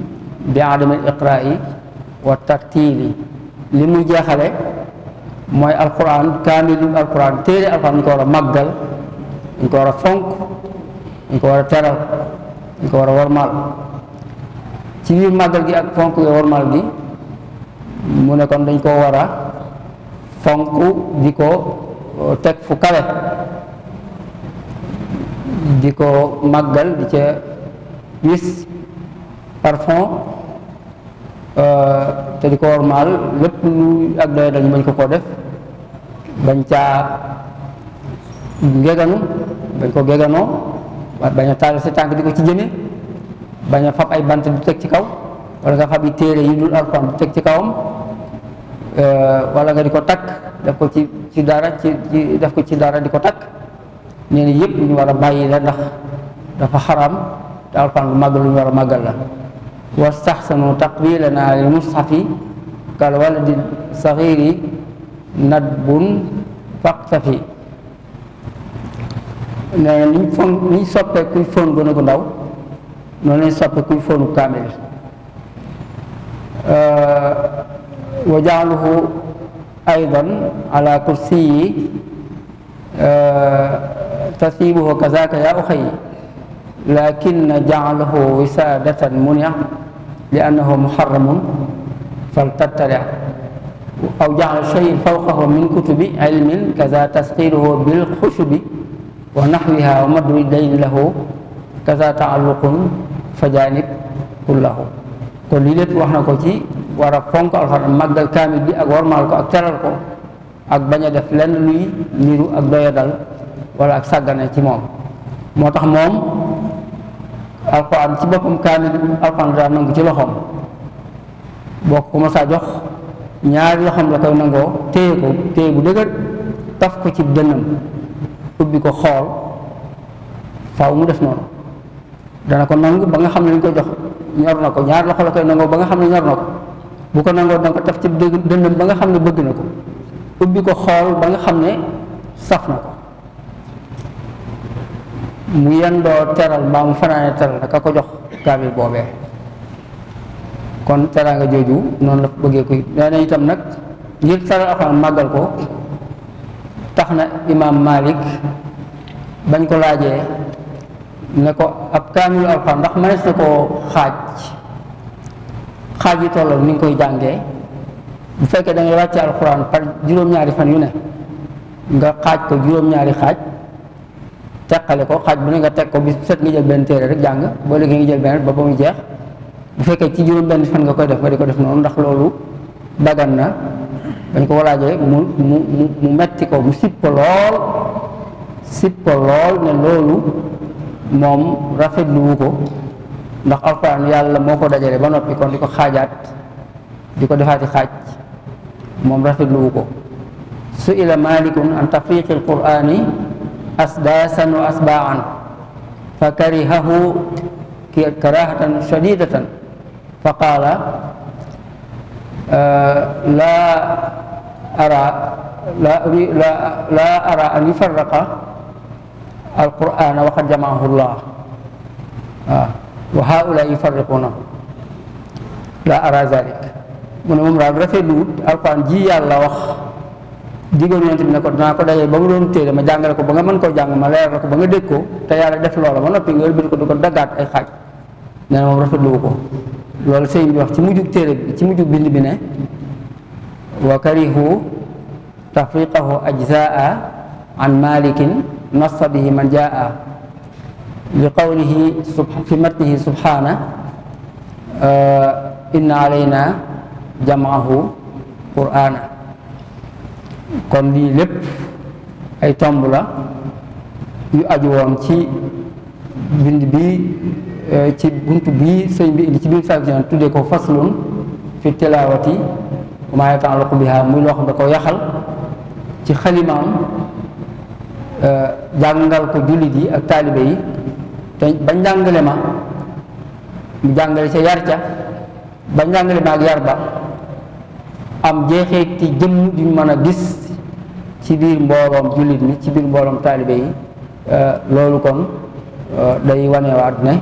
C: bi adami al iqraai wa tartiili li muy jeexale mooy alquran kaamil alquran téere alquran dañ ko war a màggal dañ ko war a fonk dañ ko war a teral dañ ko war a wormaal ci biir màggal gi ak fonk wormaal gi mu nekkoon dañ koo war a fonk di ko uh, teg fu kawe di ko màggal di ca wis parfum uh, te di ko wormaal lépp lu ak doy dañu bañ ko koo def bañ caa geganu bañ ko geganoo bañ a taal sa tànk di ko ci jëme bañ a fab ay bant du teg ci kaw wala nga téere yi dul teg ci kawam euh, wala nga di ko takk def ko ci ci dara ci def ko ci dara di ko takk nee na yëpp lu ñu war a bàyyi la ndax dafa xaram te alxuraan lu màggal lu ñu war a màggal la wastaxsanu taqbilana lil mushafi kal waladi saxiri nadbun faqtafi nee niñ fon niñ soppee kuy fóon gone gu ndaw noonu lañ soppee kuy fóonu kaamil wa jaaluhu aydan ala kursiyi tasiibuhu kazaka yaa uxay lakin jaalahu wisaadatan munia li annahu muharramun faltattale aw jaala shay fawqahu min kutubi ilmin kaza tasxiruhu bilxushubi wa naxwiha wa maddu dayn lahu kaza taalluqun fajanib kullahu kon lii lépp wax na ko ci war a fonk alxuraan màggal kaamil bi ak warmaal ko ak teral ko ak bañ a def lenn luy niru ak doyadal wala ak sàggane ci moom moo tax moom alxuraan ci boppam kaamil alxuraan daa nangu ci loxoom boo ko saa jox ñaari loxoom la koy nangoo téye ko téye bu dëgër taf ko ci dënnam ubbi ko xool faaw mu def noonu dana ko nangu ba nga xam ne ko jox ñor na ko ñaar loxo la koy nangoo ba nga xam ne ñor na bu ko nangoo danga ko taf ci dëgg dëndam ba nga xam ne bëgg na ko ubbi ko xool ba nga xam ne saf na ko mu yendoo teral mbaa mu fanaane teral nag a ko jox kaamil boobee kon teraanga jooju noonu la bëggee koy nee nag ngir teral alxuraan màggal ko tax na imaam Malik bañ ko laajee ne ko ab kaamilu alxuraan ndax mënees na koo xaaj xaaj yi tolloo ni nga koy jàngee bu fekkee da ngay wàcce alxuraan par juróom-ñaari fan yu ne nga xaaj ko juróom-ñaari xaaj teqale ko xaaj bu ne nga teg ko bis set nga jël benn téere rek jàng boo léegi nga jël benn ba jeex bu fekkee ci juróom benn fan nga koy def nga di ko def noonu ndax loolu dagan na dañ ko walaajee mu mu mu mu metti ko moom rafetluwu ko ndax alxuraan yàlla moo ko dajale ba noppi kon di ko xaajaat di ko defaati xaaj moom rafetluwu ko su ila malikun an tafriqi alqurani wa asbaan fa karihahu karahatan fa qaala laa ara laa uri laa ara an yufarraqa alqur'ana wa qad jamaahu llah waaw wa haula yufarriquunahu laa ara zalik mu ne moom daal rafetlu wut alqur'an ji yàlla wax jigéen yonent bi ne ko dinaa ko dajee ba mu doon téere ma jàngale ko ba nga mën koo jàng ma leer la ko ba nga dégg ko te yàlla def loola ba noppi nga wëlbati ko di ko daggaat ay xaaj nee moom rafetlu wu ko loolu sëriñ bi wax ci mujjug téere bi ci mujjug bind bi ne wa karihu tafriqahu ajzaa an malikin nassa bihi man jaa li qawlihi fi matnihi subhana uh, inna alayna jamaahu qur'ana kon lii lépp ay tomb la yu aju woon ci bind bi Euh, ci buntu bii sëñ bi ci biir saako jaan tuddee ko faslun fi tilaawati maa yata'allaqu biha muy loo ko yaxal ci xalimaam euh, jàngal ko jullit yi ak taalibe yi te ba njàngale ma mu jàngale ca yar ca ba njàngale ma ak yar ba am jeexee ci jëmm duñ mën a gis ci biir mbooloom jullit mi ci biir mbooloom taalibe yi euh, loolu kon day wanewaat ne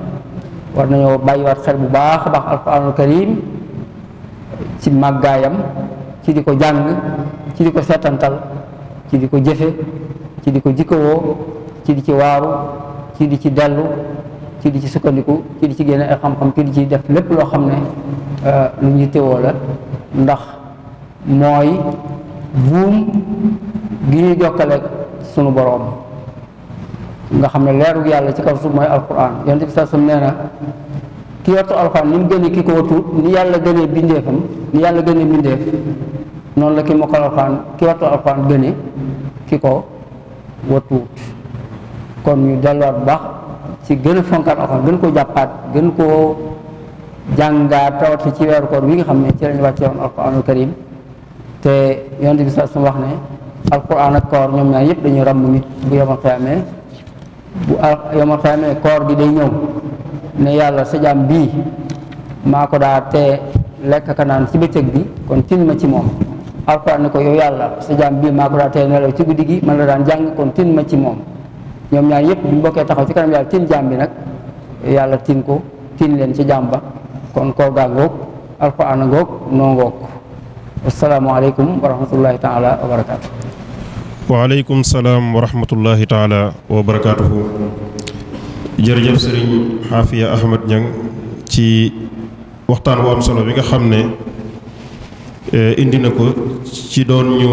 C: war nañoo bàyyiwaat xel bu baax a baax alquranul karim ci màggaayam ci di ko jàng ci di ko seetantal ci di ko jëfe ci di ko jikkowoo ci di ci waaru ci di ci dellu ci di ci sukkandiku ci di ci génne ay xam-xam ci di ci def lépp loo xam ne euh, lu ñu téwoo la ndax mooy buum gi ñuy jokkale sunu boroom nga xam ne leeru yàlla ci kaw suuf mooy alquran yonent bi nee na ki yortu alquran ni mu gënee ki ko watut ni yàlla gënee bindeefam ni yàlla gënee bindeef noonu la ki mokkal alquran ki yortu alquran gënee ko watut ñu delluwaat bu baax ci gën a fonkaat alquran gën koo jàppaat gën koo jàngaat rawati ci weeru koor wi nga xam ne ci lañu wàcce woon alquranul karim te yonent bi wax ne alquran ak koor ñoom ñaar yëpp dañuy ràmm nit bu yomal xiyaamee bu al yomal xamee koor gi day ñëw ne yàlla sa jaam bii maa ko daa tee lekk ka naan ci bëccëg bi kon tin ma ci moom alxuraan ne ko yow yàlla sa jaam bii maa ko daa tee nelaw ci guddi gi man la daan jàng kon tin ma ci moom ñoom ñaar yëpp bu ñu bokkee taxaw ci kanam yàlla tin jaam bi nag yàlla tin ko tiin leen ci jaam ba kon koor gaa ngoog alxuraan a ngoog noo ngoog assalaamu aleykum wa rahmatullahi wa barakaatu
B: waaleykum salaam wa rahmatullahi taala wa barakaatuhu jërëjëf sëriñ Xaafiya Ahmad Ñang ci waxtaan wu am solo bi nga xam ne eh, indi na ko ci doon ñu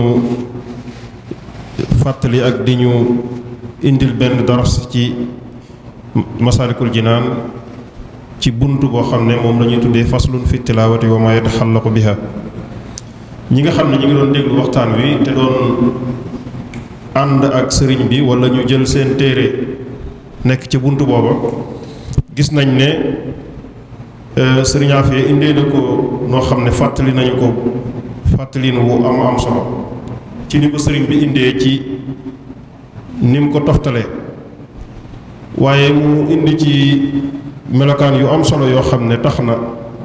B: fàttali ak di ñu indil benn daras ci masaalikul jinaan ci bunt boo xam ne moom la ñuy tuddee faslun fi tilaawati wa ma yataxallaqu biha ñi nga xam ne ñu ngi doon déglu waxtaan wi te doon ànd ak sëriñ bi walla ñu jël seen téere nekk ci buntu booba gis nañ ne euh, sëriñ Afia indee na ko noo xam ne fàttali nañu ko fàttalin wu am am solo ci ni ko sëriñ bi indee ci ni mu ko toftalee waaye mu indi ci melokaan yu am solo yoo xam ne tax na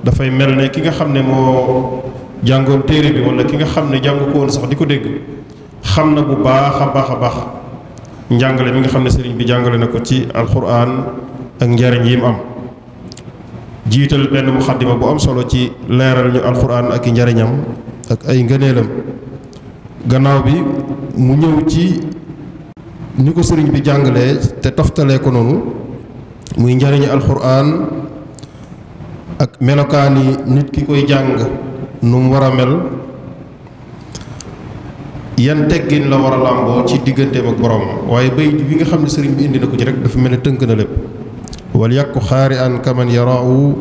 B: dafay mel ne ki nga xam ne moo jàngoon téere bi wala ki nga xam ne jàng ko woon sax di ko dégg xam na bu baax a baax a baax njàngale mi nga xam ne sëriñ bi jàngale na ko ci alxuraan ak njariñ yi mu am jiital benn muxaddima bu am solo ci leeral ñu alxuraan ak i njariñam ak ay ngëneelam gannaaw bi mu ñëw ci ni ko sëriñ bi jàngalee te toftale ko noonu muy njariñu alxuraan ak melokaani nit ki koy jàng nu mu war a mel yan teggin la war a làmboo ci digganteem ak borom waaye bay bi nga xam ne sëriñ bi indi na ko ci rek dafa mel ne tënk na lépp wal yàqu xaari an kaman yaraawu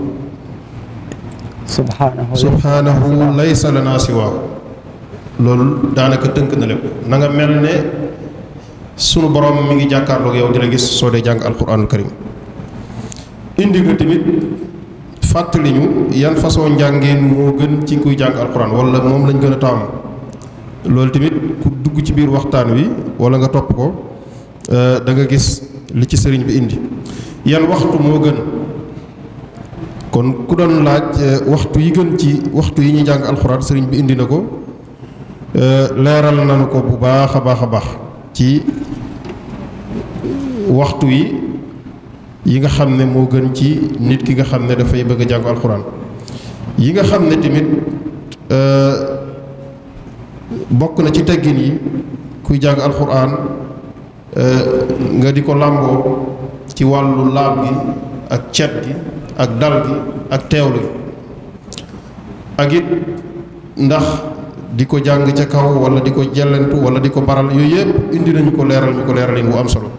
B: subhaanahu laysa lana siwaahu loolu daanaka tënk na lépp na nga mel ne sunu borom mu ngi jàkkaarloog yow di la gis soo dee jàng alquranul karim indi nga tamit fàttaliñu yan façon njàngeen moo gën ci kuy jàng alquran wala moom lañ gën a taamu loolu tamit ku dugg ci biir waxtaan wi walla nga topp ko euh, da nga gis li ci sëriñ bi indi yan waxtu moo gën kon ku doon laaj euh, waxtu yi gën ci waxtu yi ñuy jàng alxuraan sëriñ bi indi na ko euh, leeral nañu ko bu baax a baax a baax ci waxtu yi yi nga xam ne moo gën ci nit ki nga xam ne dafay bëgg a jàng alxuraan yi nga xam ne tamit. bokk na ci teggin yi kuy jàng alxuraan euh, nga di ko làmboo ci wàllu laab gi ak cet gi ak dal gi ak teewlu ak it ndax di ko jàng ca kaw wala di ko jellentu wala di ko baral yooyu yëpp indi nañu ko leeral ñu ko leeral yi mu am solo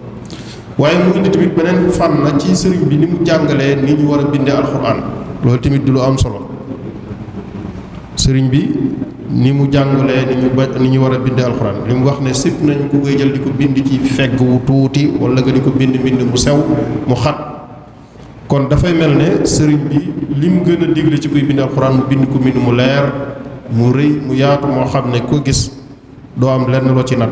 B: waaye mu indi tamit beneen fànn ci sëriñ bi ni mu jàngalee ni ñu war a bindee alxuraan loolu tamit di lu am solo sëriñ bi ni mu jàngulee ni ñu ba ni ñu war a bindee alxuraan li mu wax ne sib nañ ku koy jël di ko bind ci fegg wu tuuti wala nga di ko bind mbind mu sew mu xat kon dafay mel ne sëriñ bi li mu gën a digle ci kuy bind alxuraan mu bind ko mbind mu leer mu rëy mu yaatu moo xam ne ko gis doo am lenn loo ci natt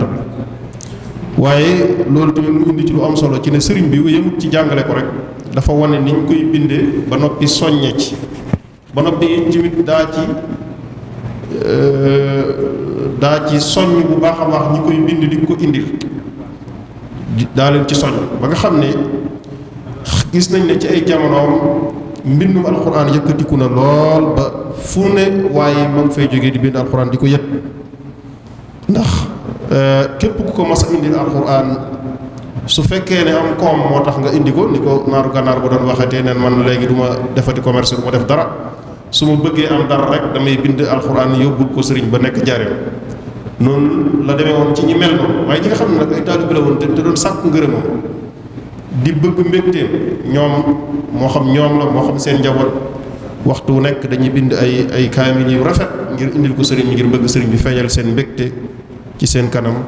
B: waaye loolu tamit mu indi ci lu am solo ci ne sëriñ bi yëmut ci jàngale ko rek dafa wane ni ñu koy bindee ba noppi soññe ci ba noppi tamit daa ci. Euh, daa ci soññ bu baax a baax ñi koy bind di ko indil daa leen ci soññ ba nga xam ne gis nañ ne ci ay jamonoom mbindum alxuraan yëkkatiku na lool ba fu ne waaye ma fay jógee di bind alxuraan di ko yëpp ndax euh, képp ku ko mas a indil alxuraan su fekkee ne am koom moo tax nga indi ko ni ko naaru gànnaar bu doon waxatee neen man léegi duma ma defati commerce du def dara su ma bëggee am dara rek damay bind alxuraan yóbbu ko sëriñ ba nekk jaareem noonu la demee woon ci ñi mel noonu waaye ñi nga xam ne nag ay taalibe ñoom moo xam la moo xam seen njaboot waxtu wu nekk dañuy bind ay ay kaamil yu rafet ngir indil ko sëriñ ngir bëgg sëriñ bi feeñal seen mbégte ci seen kanam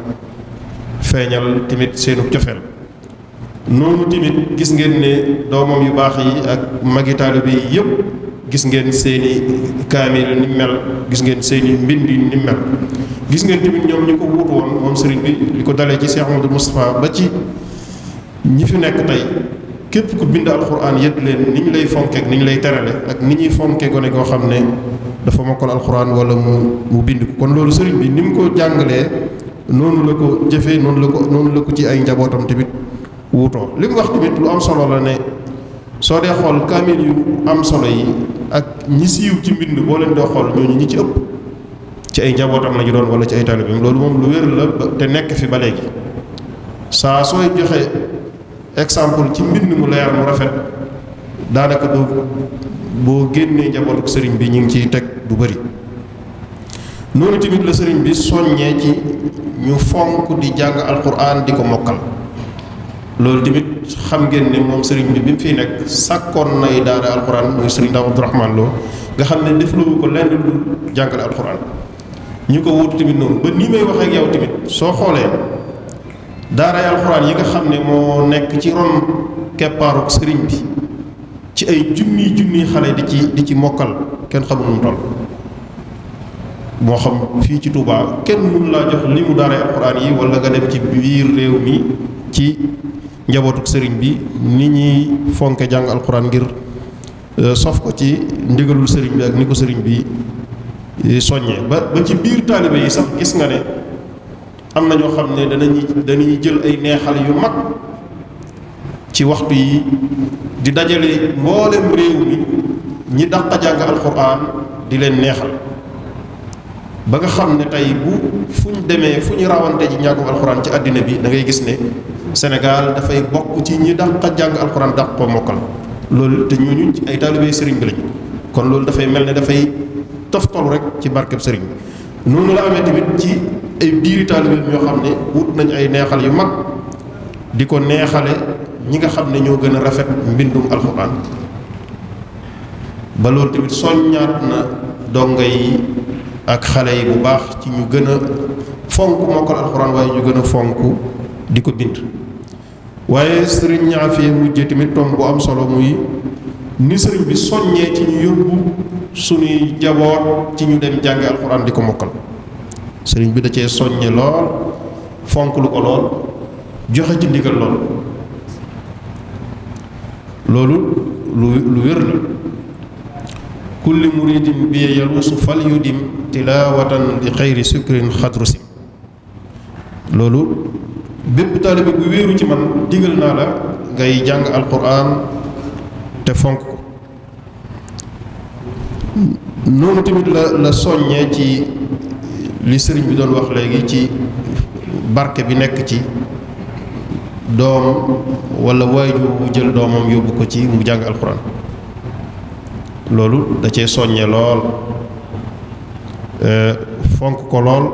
B: feeñal tamit seenu cofeel noonu gis ngeen ne doomam yu baax yi ak magi taalibe yi yëpp. gis ngeen seen i kaamil ni mel gis ngeen seen mbind yi ni mel gis ngeen tamit ñoom ñu ko wuutu woon moom sëriñ bi li ko dalee ci Cheikh Amadou Moustapha ba ci ñi fi nekk tey képp ku bind alxuraan yëpp leen ni ñu lay fonkeek ni ñu lay terale ak ni ñuy fonke gone koo xam ne dafa mokkal alxuraan wala mu mu bind ko kon loolu sëriñ bi ni mu ko jàngalee noonu la ko jëfee noonu la ko noonu la ko ci ay njabootam tamit wuutoo li wax tamit lu am solo la ne soo dee xool kaamil yu am solo yi ak ñi siiw ci mbind boo leen doo xool ñooñu ñi ci ëpp ci ay njabootam la ñu doon wala ci ay taalibeem loolu moom lu wér la te nekk fi ba léegi saa sooy joxe exemple ci mbind mu leer mu rafet daanaka doo boo génnee njabootu sëriñ bi ñu ngi ciy teg bu bëri noonu tamit la sëriñ bi soññee ci ñu fonk di jàng alquran di ko mokkal loolu tamit xam ngeen moom sëriñ bi bi mu fiy nekk sàkkoon nay daara alxuraan mooy sëriñ Daam Abdourahmane Lo nga xam ne defloo ko lenn lu jàngale alxuraan ñu ko wóotu tamit noonu ba nii may wax ak yow tamit soo xoolee daaray alxuraan yi nga xam ne moo nekk ci ron keppaaruk sëriñ bi ci ay junniy junniy xale di ci di ci mokkal kenn xamul nu mu toll moo xam fii ci Touba kenn mun laa jox li mu daaray alxuraan yi wala nga dem ci biir réew mi ci njabootuk sëriñ bi ni ñuy fonke jàng alxuraan ngir euh, sof ko ci ndigalul sëriñ bi ak ni ko sëriñ bi euh, soññee ba ba ci biir taalibe yi sax gis nga ne am na ñoo xam ne danañu dañuy jël ay neexal yu mag ci waxtu yi di dajale mboolem réew mi ñi daq jàng alxuraan di leen neexal ba nga xam ne tey bu fu ñu demee fu ñu rawante ji njàngum alxuraan ci àddina bi dangay gis ne senegaal dafay bokk ci ñi dàq jàng alxuraan dàq ko mokkal loolu te ñooñu ci ay taalibe sëriñ bi lañ kon loolu dafay mel ne dafay toftalu rek ci barkeb sëriñ bi noonu la amee tamit ci ay biiri taalibe yoo xam ne wut nañ ay neexal yu mag di ko neexale ñi nga xam ne ñoo gën a rafet mbindum alxuraan ba loolu tamit soññaat na dongo yi ak xale yi bu baax ci ñu gën a fonk mokkal alxuraan waaye ñu gën a fonk di ko bind waaye sëriñ ñaafee mujje tamit tomb bu am solo muy ni sëriñ bi soññee ci ñu yóbbu suñuy jaboot ci ñu dem jàngi alxuraan di ko mokkal sëriñ bi da cee soññe lool fonk lu ko lool joxe ci ndigal lool loolu lu lu wér la kulli muridin bi yaluusu fal yudim tilaawatan li xayri sukrin xadrusim loolu bépp taalibe bu wéeru ci man digal naa la ngay jàng alquran te fonk ko noonu tamit la la soññee ci li sëriñ bi doon wax léegi ci barke bi nekk ci doom wala waajur bu jël doomam yóbbu ko ci mu jàng alquran loolu da cee soññe lool euh, fonk ko lool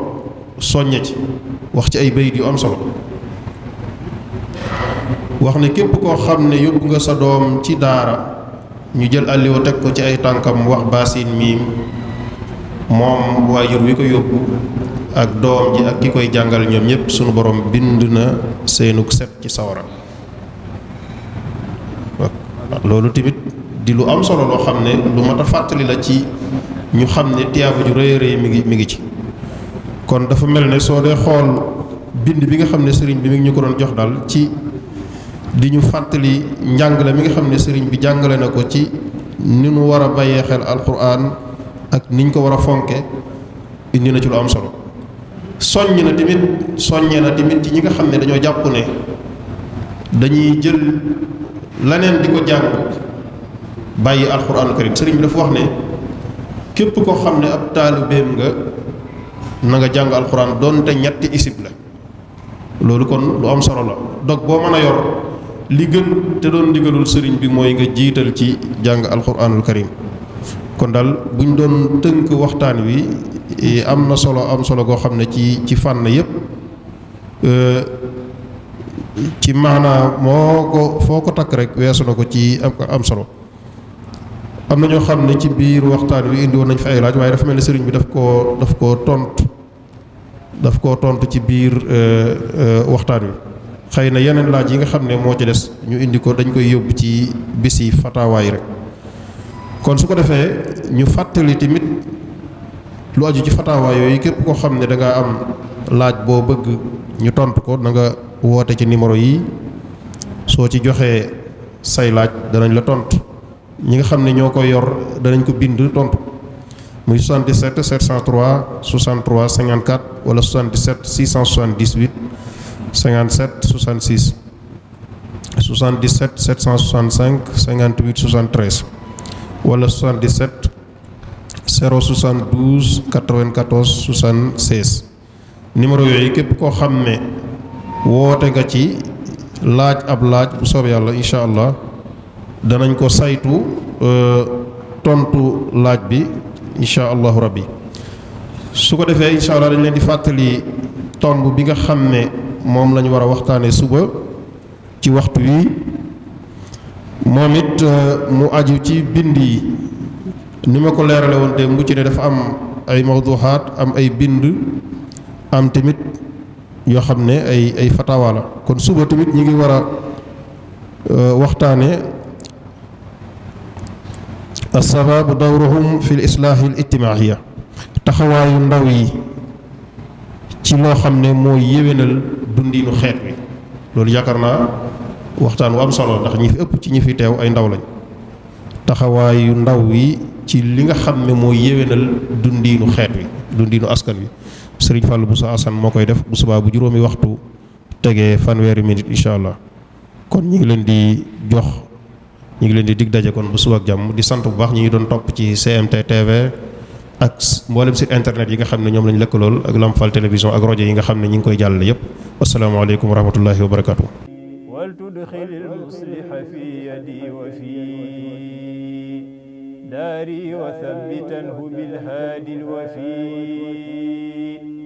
B: soññe ci wax ci ay bayit yu am solo wax ne képp koo xam ne yóbbu nga sa doom ci daara ñu jël àlliwa teg ko ci ay tànkam wax baasin miim moom waajur wi ko yóbbu ak doom ji ak ki koy jàngal ñoom ñépp sunu borom bind na seenug set ci sawara loolu tamit di lu am solo loo xam ne lu mat a fàttali la ci ñu xam ne tiyaaba ju rëy rëy mi ngi mi ngi ci kon dafa mel ne soo dee xool bind bi nga xam ne sëriñ bi mi ñu ko doon jox daal ci di ñu fàttali njàngale mi nga xam ne sëriñ bi jàngale na ko ci ni ñu war a bàyyee xel alquran ak niñ ko war a fonke indi na ci lu am solo soññ na tamit soññee na tamit ci ñi nga xam ne dañoo jàpp ne dañuy jël leneen di ko jàng bàyyi alquran karim sëriñ bi dafa wax ne képp koo xam ne ab taalibeem nga na nga jàng alquran doonte ñetti isib la loolu kon lu am solo la dog boo mën a yor li gën te doon ndigalul sëriñ bi mooy nga jiital ci jàng alxuraanul karim kon daal bu ñu doon tënk waxtaan wi e, am na solo am solo goo xam ne ci ci fànn yépp e, ci maanaa moo ko foo ko takk rek weesu na ko ci am solo am na ñoo xam ne ci biir waxtaan wi indi woon nañ fi ay laaj waaye dafa mel ne sëriñ bi daf koo daf koo tontu daf ko tontu ci biir e, waxtaan wi xëy na yeneen laaj yi nga xam ne moo ci des ñu indi ko dañ koy yóbbu ci bisi fataawaay rek kon su ko defee ñu fàttali tamit lu aju ci fataawaay yooyu képp koo xam ne da nga am laaj boo bëgg ñu tontu ko na woote ci numéro yi soo ci joxee say laaj danañ la tontu ñi nga xam ne ñoo koy yor danañ ko bind tontu muy 77 703 63 54 wala 77 678. 57 66 77 765 58 73 wala 77 072 94 76 numéro yooyu képp koo xam ne woote nga ci laaj ab laaj bu soob yàlla incha allah danañ ko saytu euh, tontu laaj bi incha allahu rabbi su ko defee incha allah dañ leen di fàttali tomb bi nga xam ne. moom la war a waxtaanee suba ci waxtu wi moom it euh, mu aju ci bind yi ni ma ko leerale woon démb ci ne dafa am ay mawduxaat am ay bind am tamit yoo xam ne ay ay fatawa la kon suba tamit ñi ngi war a euh, waxtaane assababu dawruhum fi islaahi l ijtimaahiya taxawaayu ndaw yi ci loo xam ne moo yéwénal dundinu xeet wi loolu yaakaar naa waxtaan wu am solo ndax ñi fi ëpp ci ñi fi teew ay ndaw lañ taxawaayu ndaw wi ci li nga xam ne moo yéwénal dundiinu xeet wi dundiinu askan wi sëriñ bu Moussa Assane moo koy def bu subaa bu juróomi waxtu tegee fanweeri minute incha allah kon ñu ngi leen di jox ñu ngi leen di dig daje kon bu suba ak jàmm di sant bu baax ñu ngi doon topp ci GMT ak mboolem site internet yi nga xam ne ñoom lañ lëkkalool ak Lamfal télévision ak rajo yi nga xam ne ñi ngi koy jàllale yépp wasalaamaaleykum wa rahmatullahi wa barakaatu. wal tudxil musliha fi yadi wa fi daari wa thabbitanhu bil haadi
A: al wafi